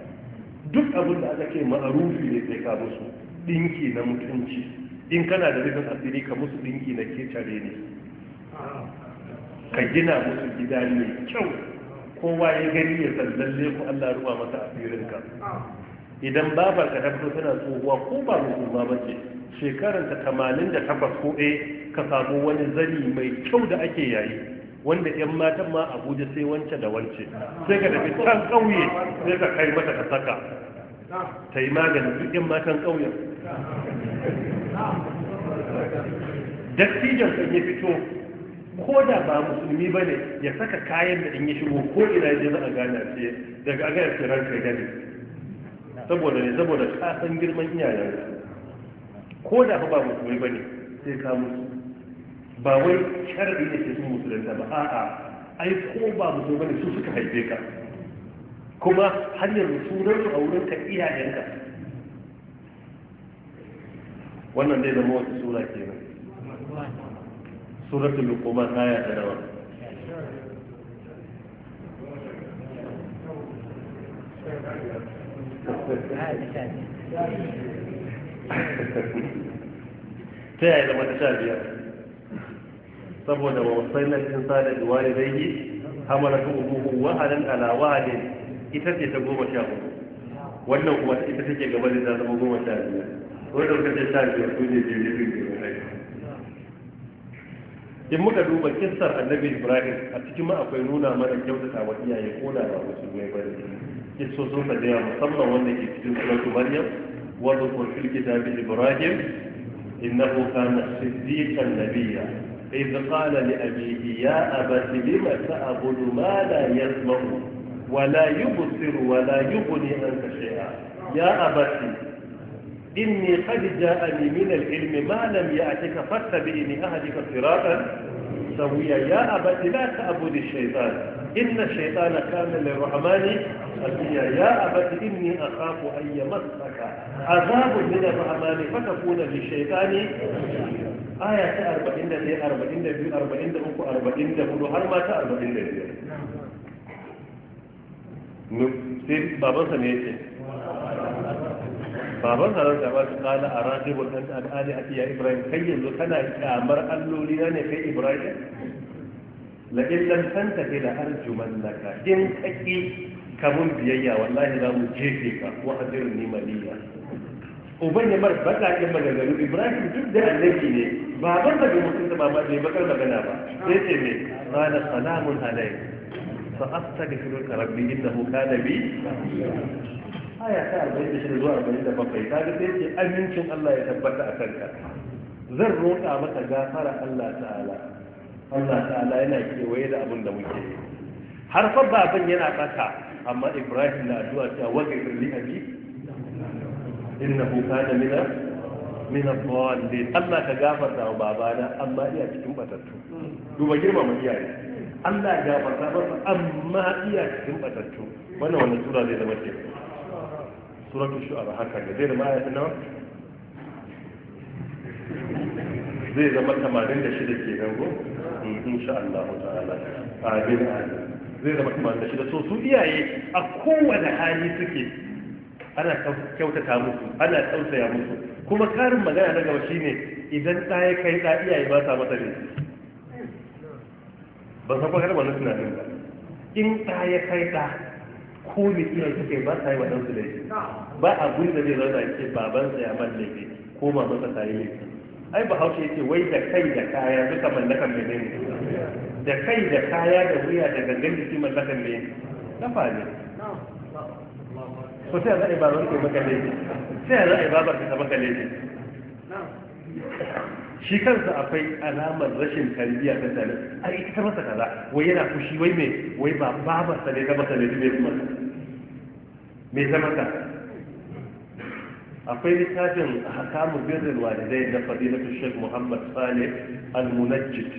duk abin da aka ce ma'arufi ne sai ka musu dinki na mutunci in kana da rufin asiri ka musu dinki na kecare ne ka gina musu gida mai kyau kowa ya gani ya san ku Allah ruwa masa asirin ka idan babar ka tafi tana tsohuwa ko ba mu ba ce shekarar ta 88 ko eh ka samu wani zani mai kyau da ake yayi wanda yan matan ma Abuja sai wance da wance sai ka tafi can kauye sai ka kai mata ka saka ta yi magani duk yan matan kauyen dattijan kan ya fito ko da ba musulmi ba ne ya saka kayan da in ya shigo ko ina ya za a gana ce daga agayar kiran kai gani saboda ne saboda kasan girman iyayen ko da ba musulmi ba ne sai ka musu ba wai sharadi ne ke sun musulunta ba a'a ai ko ba musulmi ba ne su suka haife ka kuma har yanzu sunan su a wurin ka iyayenka wannan dai zama wata sura kenan suratul luqman aya ta dawa. ta yaya zama ta sha biyar saboda wa wasainar insa da duwari zai hamalatu ubuhu halin ala wahadin ita ce ta goma sha hudu wannan kuma ita ce gaba da ta zama goma sha biyar wanda wata ce sha biyar su ne jirgin jirgin jirgin in muka duba kissar annabi ibrahim a cikin ma akwai nuna mana kyautata wa iyaye ko da ba musu ne ba kisso sun da yawa musamman wanda ke cikin suratu maryam wa dhkur fil kitabi ibrahim innahu kana siddiqan nabiyya إذ قال لأبيه يا أبت لم تعبد ما لا يسمع ولا يبصر ولا يغني عنك شيئا يا أبت إني قد جاءني من العلم ما لم يأتك فاتبئني أهدك صراطا سويا يا أبت لا تعبد الشيطان إن الشيطان كان للرحمن أبيا يا أبت إني أخاف أن يمسك عذاب من الرحمن فتكون للشيطان آية 40 42 43 44 har ma ta دي sai babansa بابا yake baban harar da ba su kala a rajibun ɗan al'ali a iya ibrahim kai yanzu kana kyamar alloli na ne kai ibrahim la illan san tafi da arjuman naka in kaki kamun biyayya wallahi za mu jefe ka ko hadirin ni maliya uban ya bar baƙaƙen maganganu ibrahim duk da annabi ne baban da bai mutunta ba ma bai bakar magana ba sai ce me qala salamun alayk fa astaghfiruka rabbi innahu kana bi aya ta arba'in da shida zuwa arba'in da bakwai ta ga sai ce amincin Allah ya tabbata a kanka zan roƙa maka gafara Allah ta'ala Allah ta'ala yana kewaye da abin da muke yi har fa baban yana ƙasa amma Ibrahim na addu'a ta waga irli abi innahu kana min mina ad-dallin Allah ka gafarta wa babana amma iya cikin batattu duba girma mu iyaye Allah ya gafarta masa amma iya cikin batattu wannan wannan sura zai zama ce suratul shu'ara haka ne zai zama ayatun nawa zai zama 86 ke gango insha Allah ta'ala amin amin zai zama 86 so su iyaye a kowane hali suke ana kyautata musu ana tausaya musu kuma karin magana na gaba shine idan ɗaya kai iyaye ba sa masa ne ba san kwakar wani tunanin ba in ɗaya kai ko da kira suke ba sa yi wa ɗansu laifi ba abin da zai zauna ce babansa ya man laifi ko mamansa ta yi laifi ai ba haushe yake wai da kai da kaya duka mallakan mai ne da kai da kaya da wuya da gangan jiki mallakan mai kafa ne ko sai a za'a babar ka maka laifi sai a za'a babar ka maka laifi shi kansa akwai alamar rashin tarbiyya ta tare a ita ta masa kaza wai yana fushi wai mai wai ba babar sa ne ta masa ne me kuma me ta masa akwai littafin hakamu birrin walidai na fadilatu shek muhammad salih al-munajjid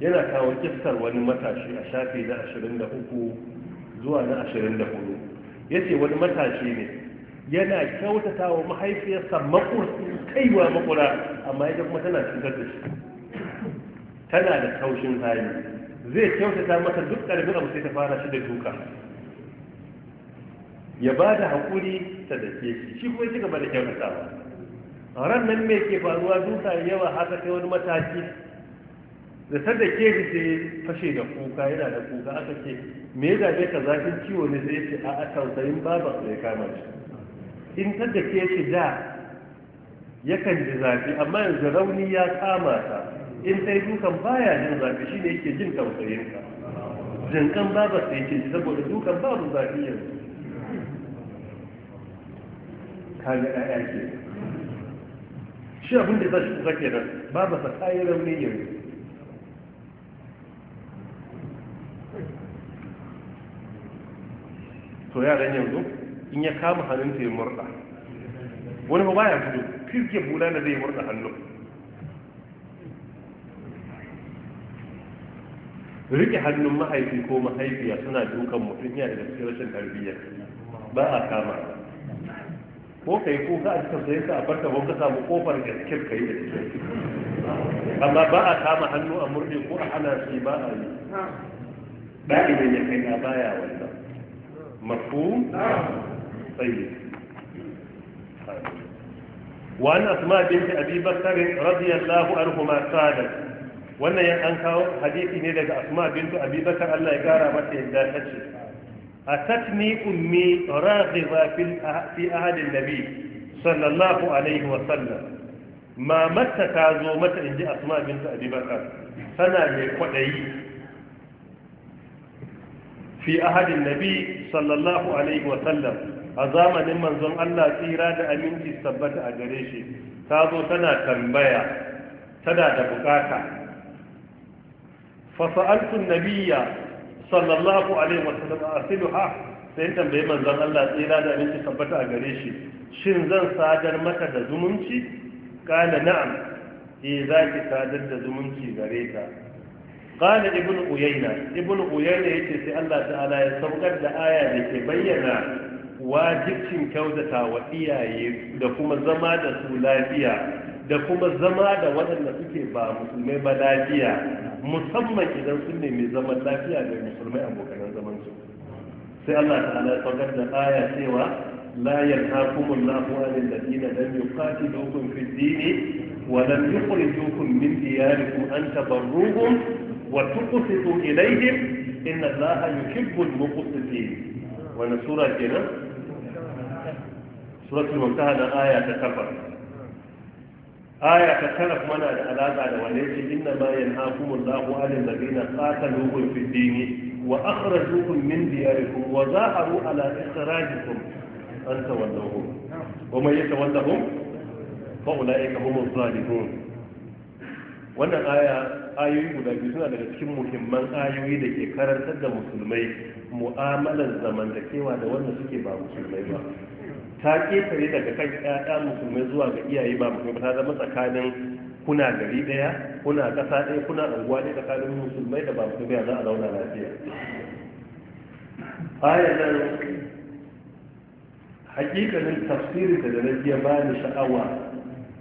yana kawo kiftar wani matashi a shafi na 23 zuwa na 24 ce wani matashi ne yana kyautata wa mahaifiyarsa makursu kaiwa makura amma ita kuma tana cutar da shi tana da taushin hali zai kyautata mata duk ƙarfin abu sai ta fara shi da duka ya ba da haƙuri ta da shi shi kuma shi gaba da kyautatawa a ran nan mai ke faruwa duka yawa haka kai wani mataki da ta da ke sai fashe da kuka yana da kuka aka ce me ya zabe ka zafin ciwo ne zai ce a tausayin baban ya kama shi in ta dake shi da yakan ji zafi amma yanzu rauni ya kama ta in ta yi dukan baya jin zafi shi ne yake jin ka, jinkan babar sai yake ji saboda dukan babu zafi yanzu Ka ga ɗaya ke shi abin da zai shi zake nan babu sa yi rauni yanzu to yaran yanzu in ya kama hannunta ya murda wani ba baya gudu firge bula da zai murda hannu rike hannun mahaifi ko mahaifiya suna dukan mutum yana da cikin rashin tarbiyyar ba a kama ko kai ko ka a cikin ka a farka ba ka samu kofar ka kai da cikin amma ba a kama hannu a murɗe ko a hana shi ba a yi ba idan ya kai na baya wannan mafhum الطيب وأن أسماء بنت أبي بكر رضي الله ma قالت wannan yan an kawo hadisi ne daga asma bintu Bakar Allah ya gara mata yadda ta ce atatni ummi raghiba fil fi ahadin nabi sallallahu alaihi wa sallam mamarta ta zo mata inji asma bintu Bakar. tana mai kwadayi fi ahadin nabi sallallahu alaihi wa sallam a zamanin manzon Allah tsira da aminci tabbata a gare shi ta zo tana tambaya tana da bukata fasa'altun nabiyya sallallahu alaihi wa sallam asilu ha, sai tambayi manzon Allah tsira da aminci tabbata a gare shi shin zan sadar maka da zumunci kana na'am eh zaki sadar da zumunci gare ta قال ابن عيينة ابن sai Allah Ta'ala الله تعالى da aya da ke بينا wajibcin kyautata wa iyaye da kuma zama da su lafiya da kuma zama da waɗanda suke ba musulmai ba lafiya musamman idan sun nemi zaman lafiya da musulmai abokanan zaman su sai Allah ta'ala ya saukar da aya cewa la yanhaakum Allahu 'anil ladina lam yuqatilukum fid din wa lam yukhrijukum min diyarikum an tabarruhum wa tuqsitu ilayhim inna Allaha yuhibbul muqsitin wannan sura kenan suratul na aya ta takwas aya ta tara mana da alaƙa da wanda yake inna ma Allahu 'alal ladina qataluukum fid dini wa akhrajukum min diyarikum wa zaharu ala ikhrajikum an tawallahum wa man yatawallahu fa ulaika humuz zalimun wannan aya ayoyi guda biyu suna daga cikin muhimman ayoyi da ke karantar da musulmai mu'amalar zamantakewa da wanda suke ba musulmai ba ta ƙetare daga kan ƴaƴa musulmai zuwa ga iyaye ba musulmai ta zama tsakanin kuna gari ɗaya kuna ƙasa ɗaya kuna unguwa ɗaya tsakanin musulmai da ba musulmai za a zauna lafiya aya nan hakikalin tafsirin da da nabiya ba ni sha'awa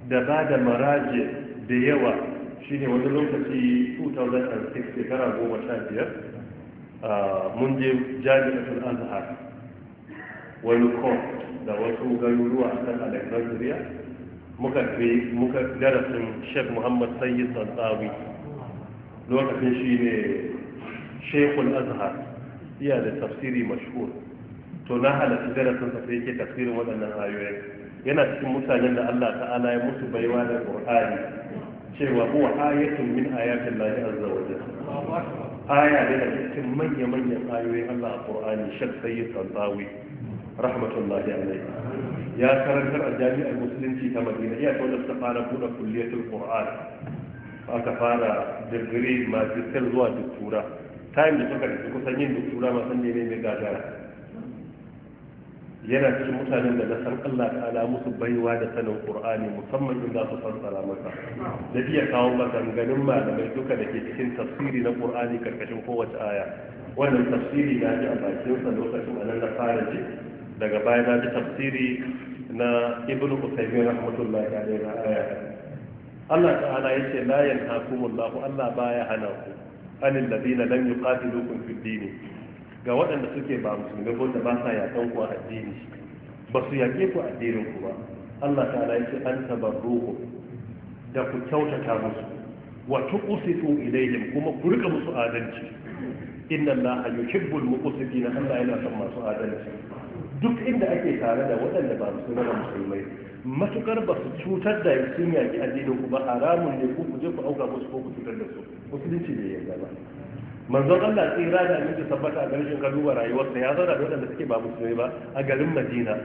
da ba da maraje da yawa shine wani lokaci 2006 shekara goma sha biyar ah, mun je jami'atul azhar wani kom da wasu garuruwa a kan alexandria muka fi darasin sheikh muhammad sayyid tsantsawi lokacin shi ne shekul azhar iya da tafsiri mashhur to na halatta darasin sa sai yake tafsirin waɗannan ayoyin yana cikin mutanen da Allah ta'ala ya mutu baiwa da Qur'ani cewa huwa ayatun min ayatin lahi azza wa aya ne da cikin manya-manyan ayoyin Allah a ƙur'ani shek sayyid tsantsawi rahmatullahi alaihi ya karantar a jami'ar musulunci ta madina iya ta ta fara buɗe kulliyatul qur'an aka fara digiri sel zuwa doktora ta yi suka da kusan yin duktura masu ne ne mai gagara yana cikin mutanen da na san Allah ta'ala musu baiwa da sanin Qur'ani musamman in za su fassara masa da iya kawo maganganun malamai duka da ke cikin tafsiri na Qur'ani karkashin kowace aya wannan tafsiri na ji a bakinsa lokacin a nan na fara ji daga baya na ji tafsiri na ibnu usaimin rahmatullahi alaihi na aya Allah ta'ala yace la yanhaakumullahu Allah baya hana ku anil ladina lam yuqatilukum fid din ga waɗanda suke ba musulmi ko da ba sa yakan ku addini ba su yake ku addinin ku ba Allah ta'ala yace an tabarruhu da ku kyautata musu wa tuqsitu ilayhim kuma ku rika musu adalci inna allaha yuhibbul muqsitin Allah yana son masu adalci duk inda ake tare da waɗanda ba su zama musulmai matukar ba su cutar da sun yaƙi addinin ku ba haramun ne ku je ku auka musu ko ku cutar da su musulunci ne ya zama manzon Allah tsira da aminci tabbata a garin ka duba rayuwarsa ya zauna da waɗanda suke ba musulmai ba a garin Madina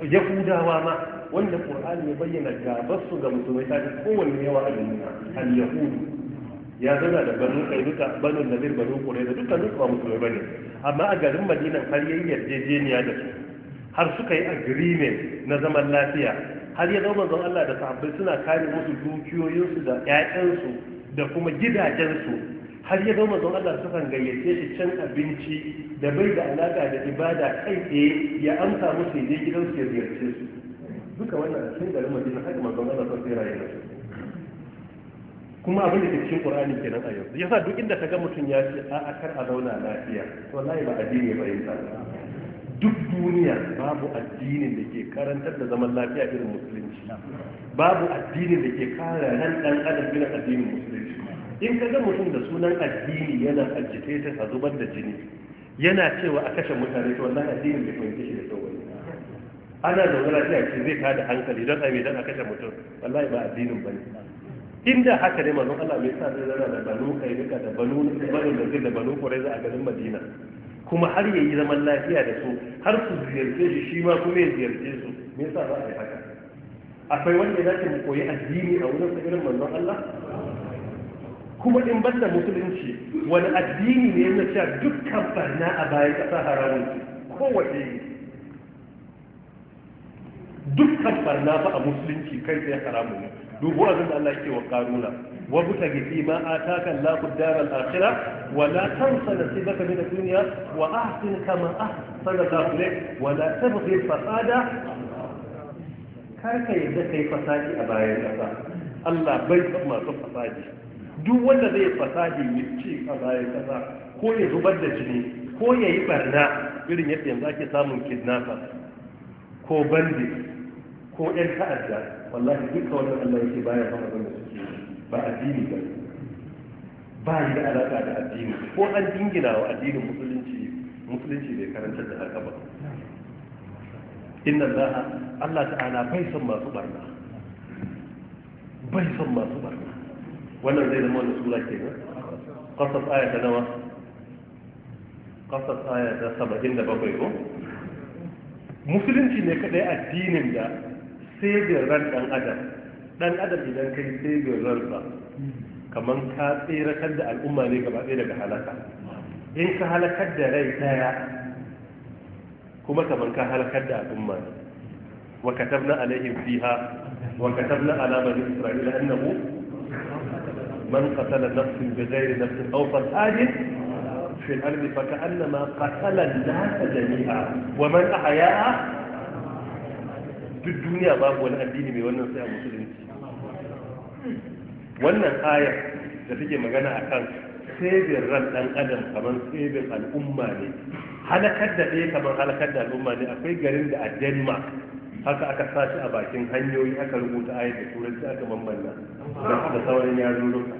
yahudawa ma wanda Qur'ani ya bayyana gabar su ga musulmai ta kowanne yawa a duniya al-yahudu ya zana da banu kainuka banu nazir banu kurai da dukkan su ba musulmai bane amma a garin Madina har yayi yarjejeniya da su har suka yi agreement na zaman lafiya har ya zama manzon Allah da sahabbai suna kare musu dukiyoyinsu da ƴaƴansu da kuma gidajensu har ya zama manzon Allah suka gayyace shi can abinci da bai da alaka da ibada kai tsaye ya amsa musu ya je gidansu ya ziyarce su duka wannan a cikin garin Madina haka manzon Allah sun tsira yana kuma abin da ke cikin Qur'ani kenan a yau yasa duk inda ka ga mutum ya ce a'a kar a zauna lafiya wallahi ba addini ba yin sallah duk duniya babu addinin da ke karantar da zaman lafiya irin musulunci babu addinin da ke kare ran dan adam irin addinin musulunci in ka ga mutum da sunan addini yana ta a zubar da jini yana cewa a kashe mutane to wannan addinin bai fahimci shi da kyau ana wani lafiya ce zai tada hankali don ai don a kashe mutum wallahi ba addinin bane inda haka ne manzon Allah bai sa zai zana da banu kai da banu da banu da zai da banu kurai a garin Madina kuma har ya yi zaman lafiya da su har su ziyarce shi shi ma kuma ya ziyarce su me yasa ba a yi haka akwai wanda ya dace mu koyi addini a wurin irin manzon Allah kuma in ban da musulunci wani addini ne yana cewa dukkan barna a bayan ƙasa haramun kowace ne dukkan barna fa a musulunci kai tsaye haramun ne dubu abin da Allah yake wa karuna wa buta gifi ma ataka Allahu daral akhirah wa la tansa nasibaka min ad duniya, wa sin kama a Allahu ilayk wa la tabghi fasada kar ka yadda kai fasadi a bayan kasa Allah bai san masu fasadi duk wanda zai fasadi ya ci a bayan kasa ko ya zubar da jini ko ya yi barna irin yadda yanzu ake samun kidnapper ko bandit ko ɗan ta'adda wallahi duka wannan Allah yake baya son abin da suke ba addini ba ba yi da alaka da addini ko an dingina wa addinin musulunci musulunci bai karantar da haka ba inna Allah Allah ta'ala bai son masu barna bai son masu barna wannan zai zama wani sura kenan qasas aya ta nawa qasas aya ta 77 ko musulunci ne kadai addinin da sai ran dan adam dan adam idan kai sai ransa kamar ka tseratar da al'umma ne gaba ɗaya daga halaka in ka halakar da rai daya kuma kamar ka halakar da al'umma ne wa katabna alaihim fiha wa katabna ala bani isra'ila annahu man qatala nafsan bighayri nafsin aw fasadin fi al-ardi fa ka'annama qatala an-nasa jami'a wa man ahya'a duk duniya babu wani addini mai wannan sai a musulunci wannan ayar da take magana a kan sebin ran ɗan adam kamar sebin al'umma ne halakar da ɗaya kamar halakar da al'umma ne akwai garin da a denmark haka aka sashi a bakin hanyoyi aka rubuta ayar da turanci aka bambanta da sauran yarurruka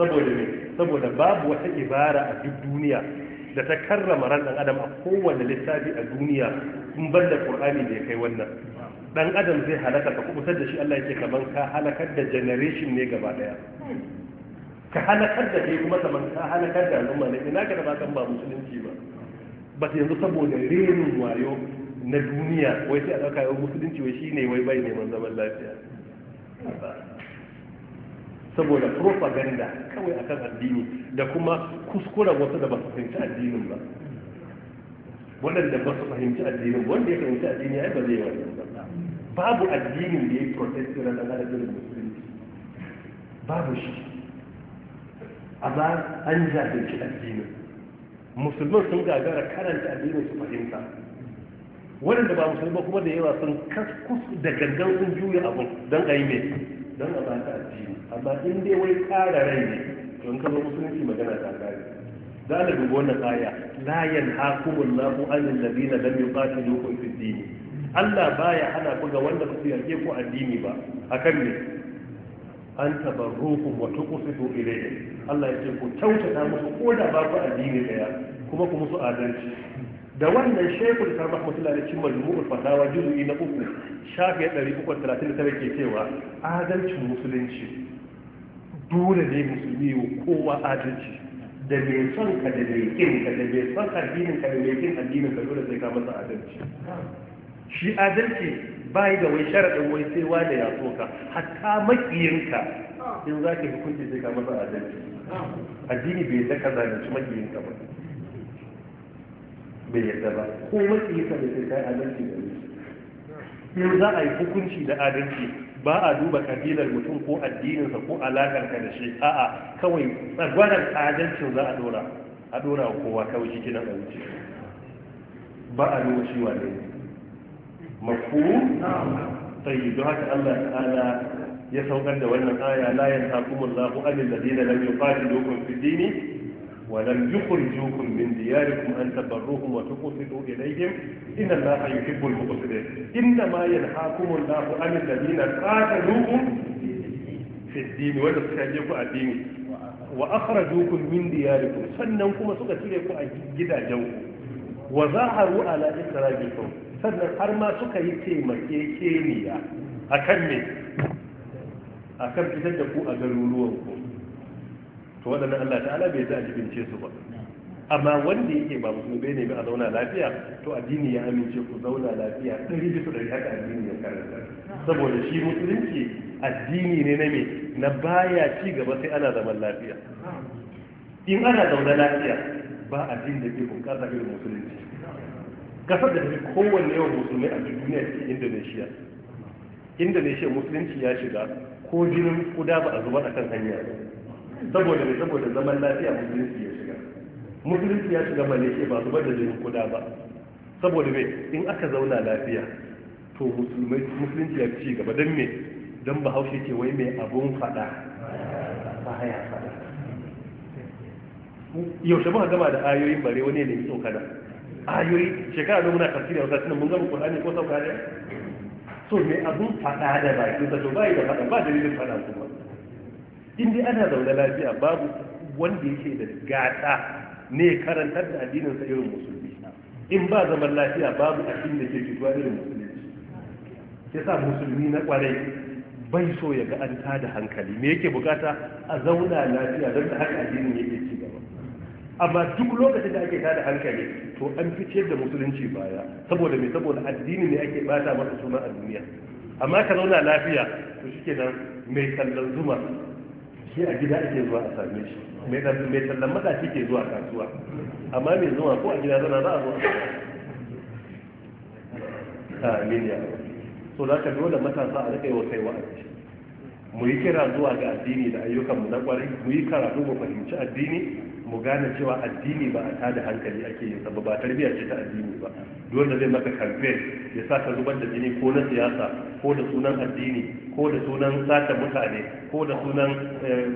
saboda ne saboda babu wata ibara a duk duniya da ta karrama ran dan adam a kowane lissafi a duniya kun bar da qur'ani ne kai wannan dan adam zai halaka ka kubutar da shi Allah yake kaman ka halakar da generation ne gaba daya ka halakar da kai kuma kaman ka halakar da al'umma ne ina ka da ba kan ba musulunci ba ba yanzu saboda renin wayo na duniya wai sai a dauka yau musulunci wai shine wai bai neman zaman lafiya saboda propaganda kawai akan addini da kuma kuskuren wasu da ba su fahimci addinin ba waɗanda ba su fahimci addinin wanda ya fahimci addini ya yi ba zai yi wani ba babu addinin da ya yi protest na ɗan adadin musulunci babu shi amma an jajirci addinin musulman sun gagara karanta addinin su fahimta waɗanda ba musulman kuma da yawa sun kus da gangan sun juya abun don a yi mai don a baka addini amma in dai wai kara rai ne don kama musulunci magana ta kare za a dubu wannan aya la yanhaakumul lahu anil ladina lam yuqatilukum fid din Allah baya hana ku ga wanda ba su ku addini ba akan ne an ku wa tuqsitu ilayhi Allah ya ce ku kyautata musu ko da ba ku addini daya kuma ku musu adalci da wannan shekul karba mutulla da cimma lumur fatawa juzu'i na uku shafi 339 ke cewa adalcin musulunci dole ne musulmi wa kowa adalci da mai son ka da mai kin ka da mai son addinin ka da mai kin addinin ka dole sai ka masa adalci shi adalci bai da wai sharadin wai sai wa da ya ka hatta makiyinka in zaka hukunci sai ka masa adalci addini bai da kaza ne makiyinka ba bai yarda ba ko wani yasa bai sai kai adalci da shi in za a yi hukunci da adalci ba a duba kabilar mutum ko addininsa ko alakar ka da shi a'a kawai tsagwaran adalcin za a dora a dora wa kowa kawai shi kidan a wuce ba a duba shi wa ne mafhum tayyib don haka Allah ta'ala ya saukar da wannan aya la yanhaqumullahu anil ladina lam yuqatilukum fid dini ولم يخرجوكم من دياركم أن تبروهم وتقسطوا إليهم إن الله يحب المقسطين إنما ينهاكم الله عن الذين قاتلوكم في الدين وتخرجوكم الدين وأخرجوكم من دياركم سننكم سكتلكم جدا جوكم وظاهروا على إخراجكم sannan har ma suka yi taimake keniya a kan ne a kan fitar da ku a garuruwanku to waɗannan Allah ta'ala bai da ajibince su ba amma wanda yake ba mu bai nemi a zauna lafiya to addini ya amince ku zauna lafiya ɗari bisa ɗari haka addini ya karanta saboda shi musulunci addini ne na me na baya ci gaba sai ana zaman lafiya in ana zaune lafiya ba addini da ke bunƙasa irin musulunci kasar da ta kowanne yawan musulmi a duniya ce indonesia indonesia musulunci ya shiga ko jinin kuda ba a zuba a kan hanya ba saboda ne saboda zaman lafiya musulunci ya shiga musulunci ya shiga malaysia ba zubar bada jin kuda ba saboda me in aka zauna lafiya to musulmai musulunci ya ci gaba don me don bahaushe ke wai mai abun fada haya fada yaushe muka gama da ayoyin bare wani ne mai tsokana ayoyi shekara da muna tafsiri a wasu tunan mun gama kur'ani ko sauka ne so mai abun fada da baki to to yi da fada ba dalilin fada kuma in ana zaune lafiya babu wanda yake da gata ne karantar da addinin sa irin musulmi in ba zaman lafiya babu addinin da ke fitowa irin musulunci sa musulmi na kwarai bai so ya ga an tada hankali me yake bukata a zauna lafiya don da haka addinin yake ci gaba amma duk lokacin da ake tada hankali to an fice da musulunci baya saboda me saboda addini ne ake bata masa suna a duniya amma ka zauna lafiya to shike nan mai kallon zuma shi a gida ake zuwa a same shi mai tallan madafi ke zuwa kasuwa amma mai zuwa ko a gida zana za a zo a amin ya so za ka dole matasa a rika yi wa kai wa'azi mu yi kira zuwa ga addini da ayyukanmu na kwarai mu yi karatu mu fahimci addini mu gane cewa addini ba a tada hankali ake yin sa ba tarbiyya ce ta addini ba dole zai maka kamfen ya sa ka zubar da jini ko na siyasa ko da sunan addini ko da sunan sata mutane ko da sunan eh,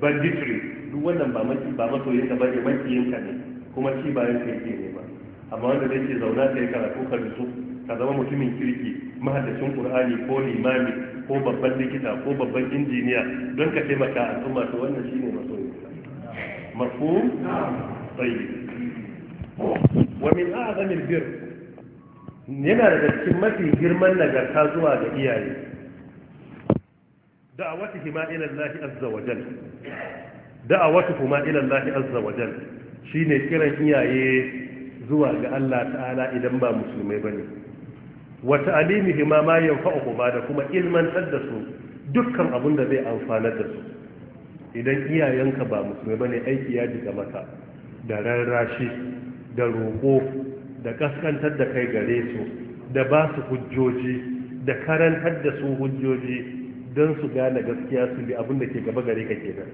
banditry duk wannan ba maki ba ka bane yin ka ne kuma ci bayan ka yake ne ba amma wanda zai ce zauna kai karatu ka rusu ka zama mutumin kirki mahaddacin qur'ani ko limami ko babban likita ko babban injiniya don ka taimaka al'umma to wannan shine masoyi مفهوم طيب ومن أعظم البر yana da cikin mafi girman nagarta zuwa ga iyaye da'awatuhuma ila Allah azza wa jal da'awatuhuma azza wa jal shine kiran iyaye zuwa ga Allah ta'ala idan ba musulmai bane wa ta'limihima ma yanfa'uhuma da kuma ilmantar da su dukkan abin da zai amfanar da su idan iyayenka ba musulmai bane aiki ya jika maka da rarrashi da roƙo da ƙasƙantar da kai gare su da ba su hujjoji da karantar da su hujjoji don su gane gaskiya su bi abin da ke gaba gare ka ke nan.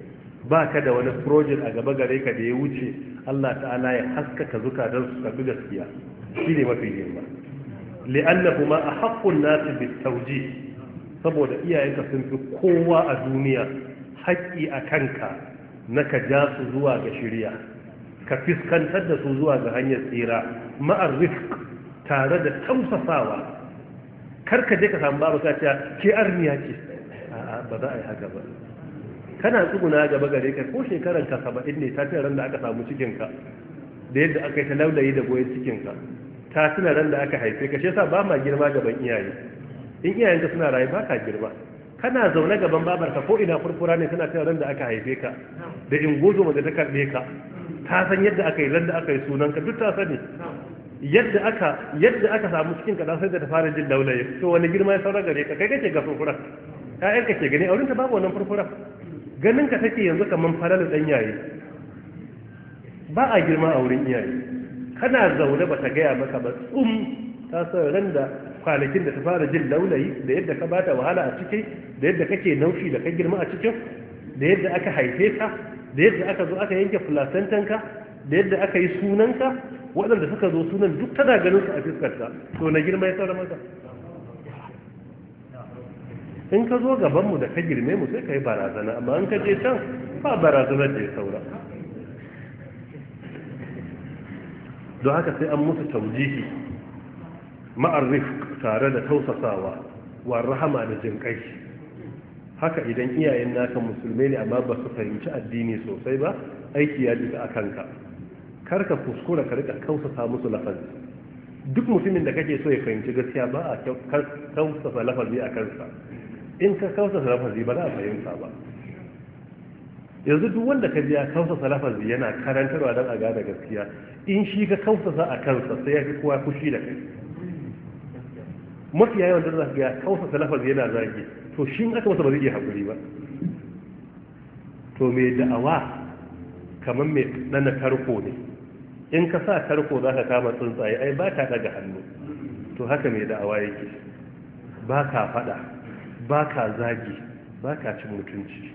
ba ka da wani project a gaba gare ka da ya wuce Allah ta'ala ya haskaka zuka don su tafi gaskiya shi ne mafi girma li'alla kuma a haƙƙun nasu bi saboda iyayenka sun fi kowa a duniya haƙƙi a kanka na ka ja su zuwa ga shirya ka fiskantar da su zuwa ga hanyar tsira ma'ar rifk tare da tausasawa kar ka je ka samu babu ka ke arniya ce a'a ba za a yi haka ba kana tsuguna gaba gare ka ko shekaran ka saba'in ne ta ran da aka samu cikinka da yadda aka yi ta laulayi da goyon cikinka ta tuna ran da aka haife ka shi yasa ba ma girma gaban iyaye in iyayenka suna rayu ba ka girma kana zaune gaban babarka ko ina furfura ne tana cewa ran da aka haife ka da in gozo da ta karbe ka ta san yadda aka yi ran da aka yi sunan ka duk ta sani yadda aka yadda aka samu cikin ka sai da ta fara jin laulayin to wani girma ya saura gare ka kai kake ga furfura ƴaƴan ka ke gani a ta babu wannan furfura ganin ka take yanzu kaman faralu dan yaye ba a girma a wurin iyaye kana zaune ba ta gaya maka ba tsum ta san ran da kwanakin da ta fara jin laulayi da yadda ka bata wahala a ciki da yadda kake naushi da ka girma a cikin da yadda aka haife ka da yadda aka zo aka yanke placentanka da yadda aka yi sunanka waɗanda suka zo sunan duk tana ganin su a fiskarta to na girma ya saura maka in ka zo gabanmu da ka girme mu sai ka yi barazana amma in ka je can ba barazana da ya saura don haka sai an musu taujihi ma'arrif tare da tausasawa wa rahama da jinƙai haka idan iyayen naka musulmai ne amma ba su fahimci addini sosai ba aiki ya jika a kanka karka kuskura ka rika kausasa musu lafazi duk mutumin da kake so ya fahimci gaskiya ba a kausasa lafazi a kansa in ka kausasa lafazi ba za a fahimta ba yanzu duk wanda ka biya ya lafazi yana karantarwa don a gane gaskiya in shi ka kausasa a kansa sai ya fi kowa fushi da kai mafiya yawan da zaka ga kausa salafaz yana zagi to shin aka masa ba zai iya hakuri ba to mai da'awa kamar mai dana tarko ne in ka sa tarko za ka kama tsuntsaye ai ba ta daga hannu to haka mai da'awa yake ba ka fada ba ka zagi ba ka cin mutunci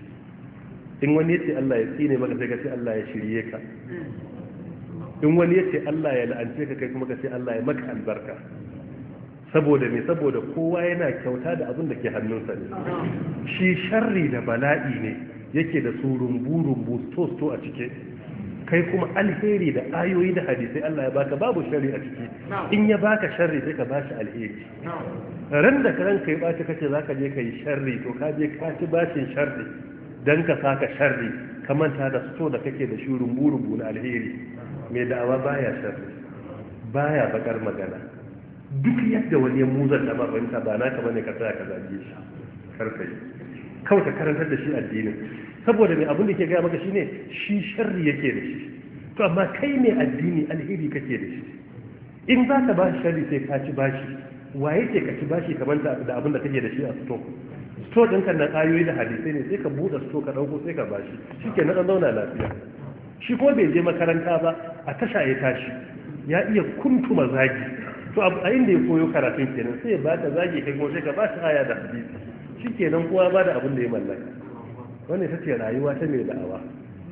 in wani yace Allah ya tsine maka sai ka ce Allah ya shirye ka in wani yace Allah ya la'ance ka kai kuma ka ce Allah ya maka albarka saboda me saboda kowa yana kyauta da abin da ke hannunsa ne shi sharri da bala'i ne yake da su rumbu rumbu sto a cike kai kuma alheri da ayoyi da hadisai Allah ya baka babu sharri a ciki in ya baka sharri sai ka bashi alheri ran da karan kai baci kace ka je kai sharri to ka je ka ci bashin sharri dan ka saka sharri ka manta da sto da kake da shi rumbu rumbu na alheri mai da'awa baya sharri baya bakar magana duk yadda wani ya muzar da ba fahimta ba kama ne ka tsaya ka zage shi karfai kawai ka karantar da shi addinin saboda mai abin da ke gaya maka shi ne shi sharri yake da shi to amma kai mai addini alheri kake da shi in za ka ba sharri sai ka ci bashi waye ce ka ci bashi kamar da abin da kake da shi a sto sto ɗinka na ayoyi da hadisai ne sai ka buɗe sto ka ɗauko sai ka bashi shi ke na zauna lafiya shi ko bai je makaranta ba a tasha ya tashi ya iya kuntuma zagi to a da ya koyo karatun kenan sai ba ta zage kai kuma ka ba shi aya da hadisi shi kenan kowa ba da abin da ya mallaka wannan ita ce rayuwa ta mai da'awa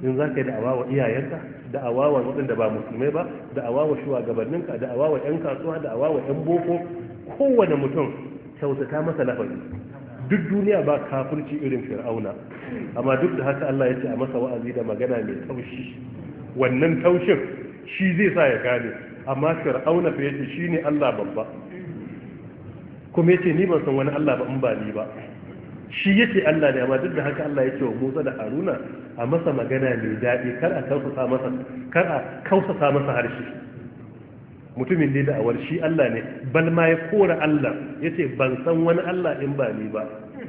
in za ka yi da'awa wa iyayenka da'awa wa waɗanda ba musulmai ba da'awa wa shugabanninka da'awa wa 'yan kasuwa da'awa wa 'yan boko kowane mutum kyautata masa lafazi duk duniya ba kafirci irin fir'auna amma duk da haka Allah ya ce a masa wa'azi da magana mai taushi wannan taushin shi zai sa ya gane amma fir'auna fa yace shine Allah babba kuma yace ni ban san wani Allah ba in ba ni ba shi yace Allah ne amma duk da haka Allah yace wa Musa da Haruna a masa magana mai daɗi kar a kausasa masa kar a kausasa masa harshe mutumin da da'awar shi Allah ne bal ma ya kora Allah yace ban san wani Allah in ba ni ba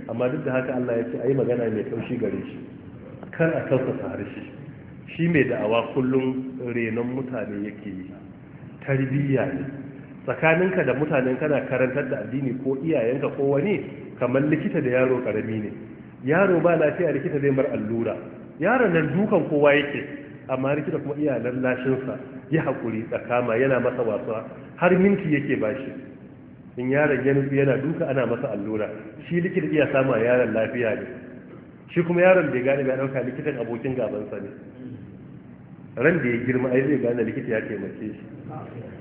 amma duk da haka Allah yace ayi magana mai taushi gare shi kar a kausasa harshe shi mai da'awa kullum renon mutane yake yi tarbiyya ne tsakaninka da mutanen kana karantar da addini ko iyayenka ko wani kamar likita da yaro karami ne yaro ba lafiya likita zai mar allura yaron nan dukan kowa yake amma likita kuma iyalan lashinsa ya haƙuri tsakama yana masa wasa har minti yake bashi in yaron ya nufi yana duka ana masa allura shi likita iya samu yaron lafiya ne shi kuma yaron bai gane bai ɗauka likitan abokin gabansa ne ran da ya girma ai zai gane likita ya taimake shi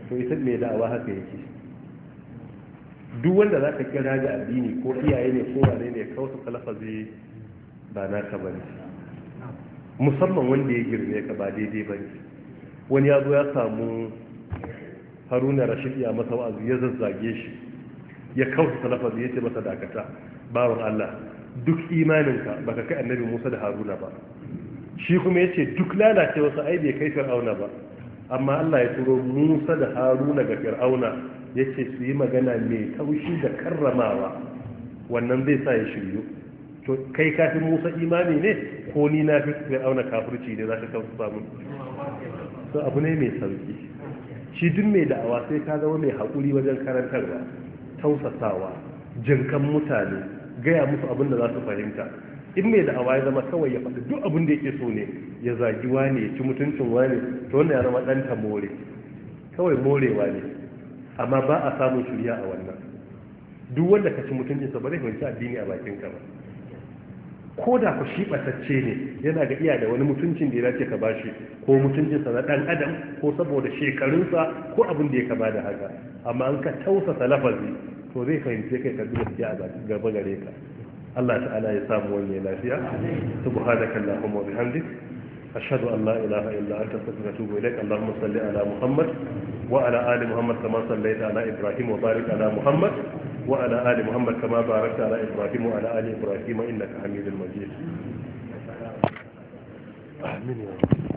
to ita mai da'awa haka yake duk wanda za ka kira ga addini ko iyaye ne ko wane ne kausa talafazi ba na ka bane musamman wanda ya girme ka ba daidai ne wani ya zo ya samu haruna rashid ya masa wa'azi ya zazzage shi ya kausa talafazi ya ce masa dakata bawan allah duk imaninka baka kai annabi musa da haruna ba shi kuma ya ce duk lalace wasu ai bai kai fir'auna ba amma Allah ya turo Musa da Haruna ga fir'auna ya ce su yi magana mai taushi da karramawa wannan zai sa ya shiryu to kai kafin Musa imani ne ko ni na fi fir'auna kafirci ne za ka kawo samu so abu ne mai sauki shi duk mai da'awa sai ka zama mai haƙuri wajen karantarwa tausasawa jinkan mutane gaya musu abin da za su fahimta in mai da'awa ya zama kawai ya faɗi duk abin da yake so ne ya zagi wane ya ci mutuncin wane to wannan ya zama ɗanta more kawai morewa ne amma ba a samun shirya a wannan duk wanda ka ci mutuncinsa ba zai fahimci addini a bakin ka ba ko da ku shi batacce ne yana ga iya da wani mutuncin da ya dace ka bashi ko mutuncinsa na ɗan adam ko saboda shekarunsa ko abin da ya kama da haka amma an ka tausasa lafazi to zai fahimce kai ka zuwa a gaba gare ka Allah ta'ala ya samu wani lafiya subhanaka allahumma wa bihamdik ashhadu an la ilaha illa anta astaghfiruka wa atubu ilaik allahumma salli ala muhammad wa ala ali muhammad kama sallaita ala ibrahim wa barik ala muhammad wa ala ali muhammad kama barakta ala ibrahim wa ala ali ibrahim innaka hamidul majid آمين يا رب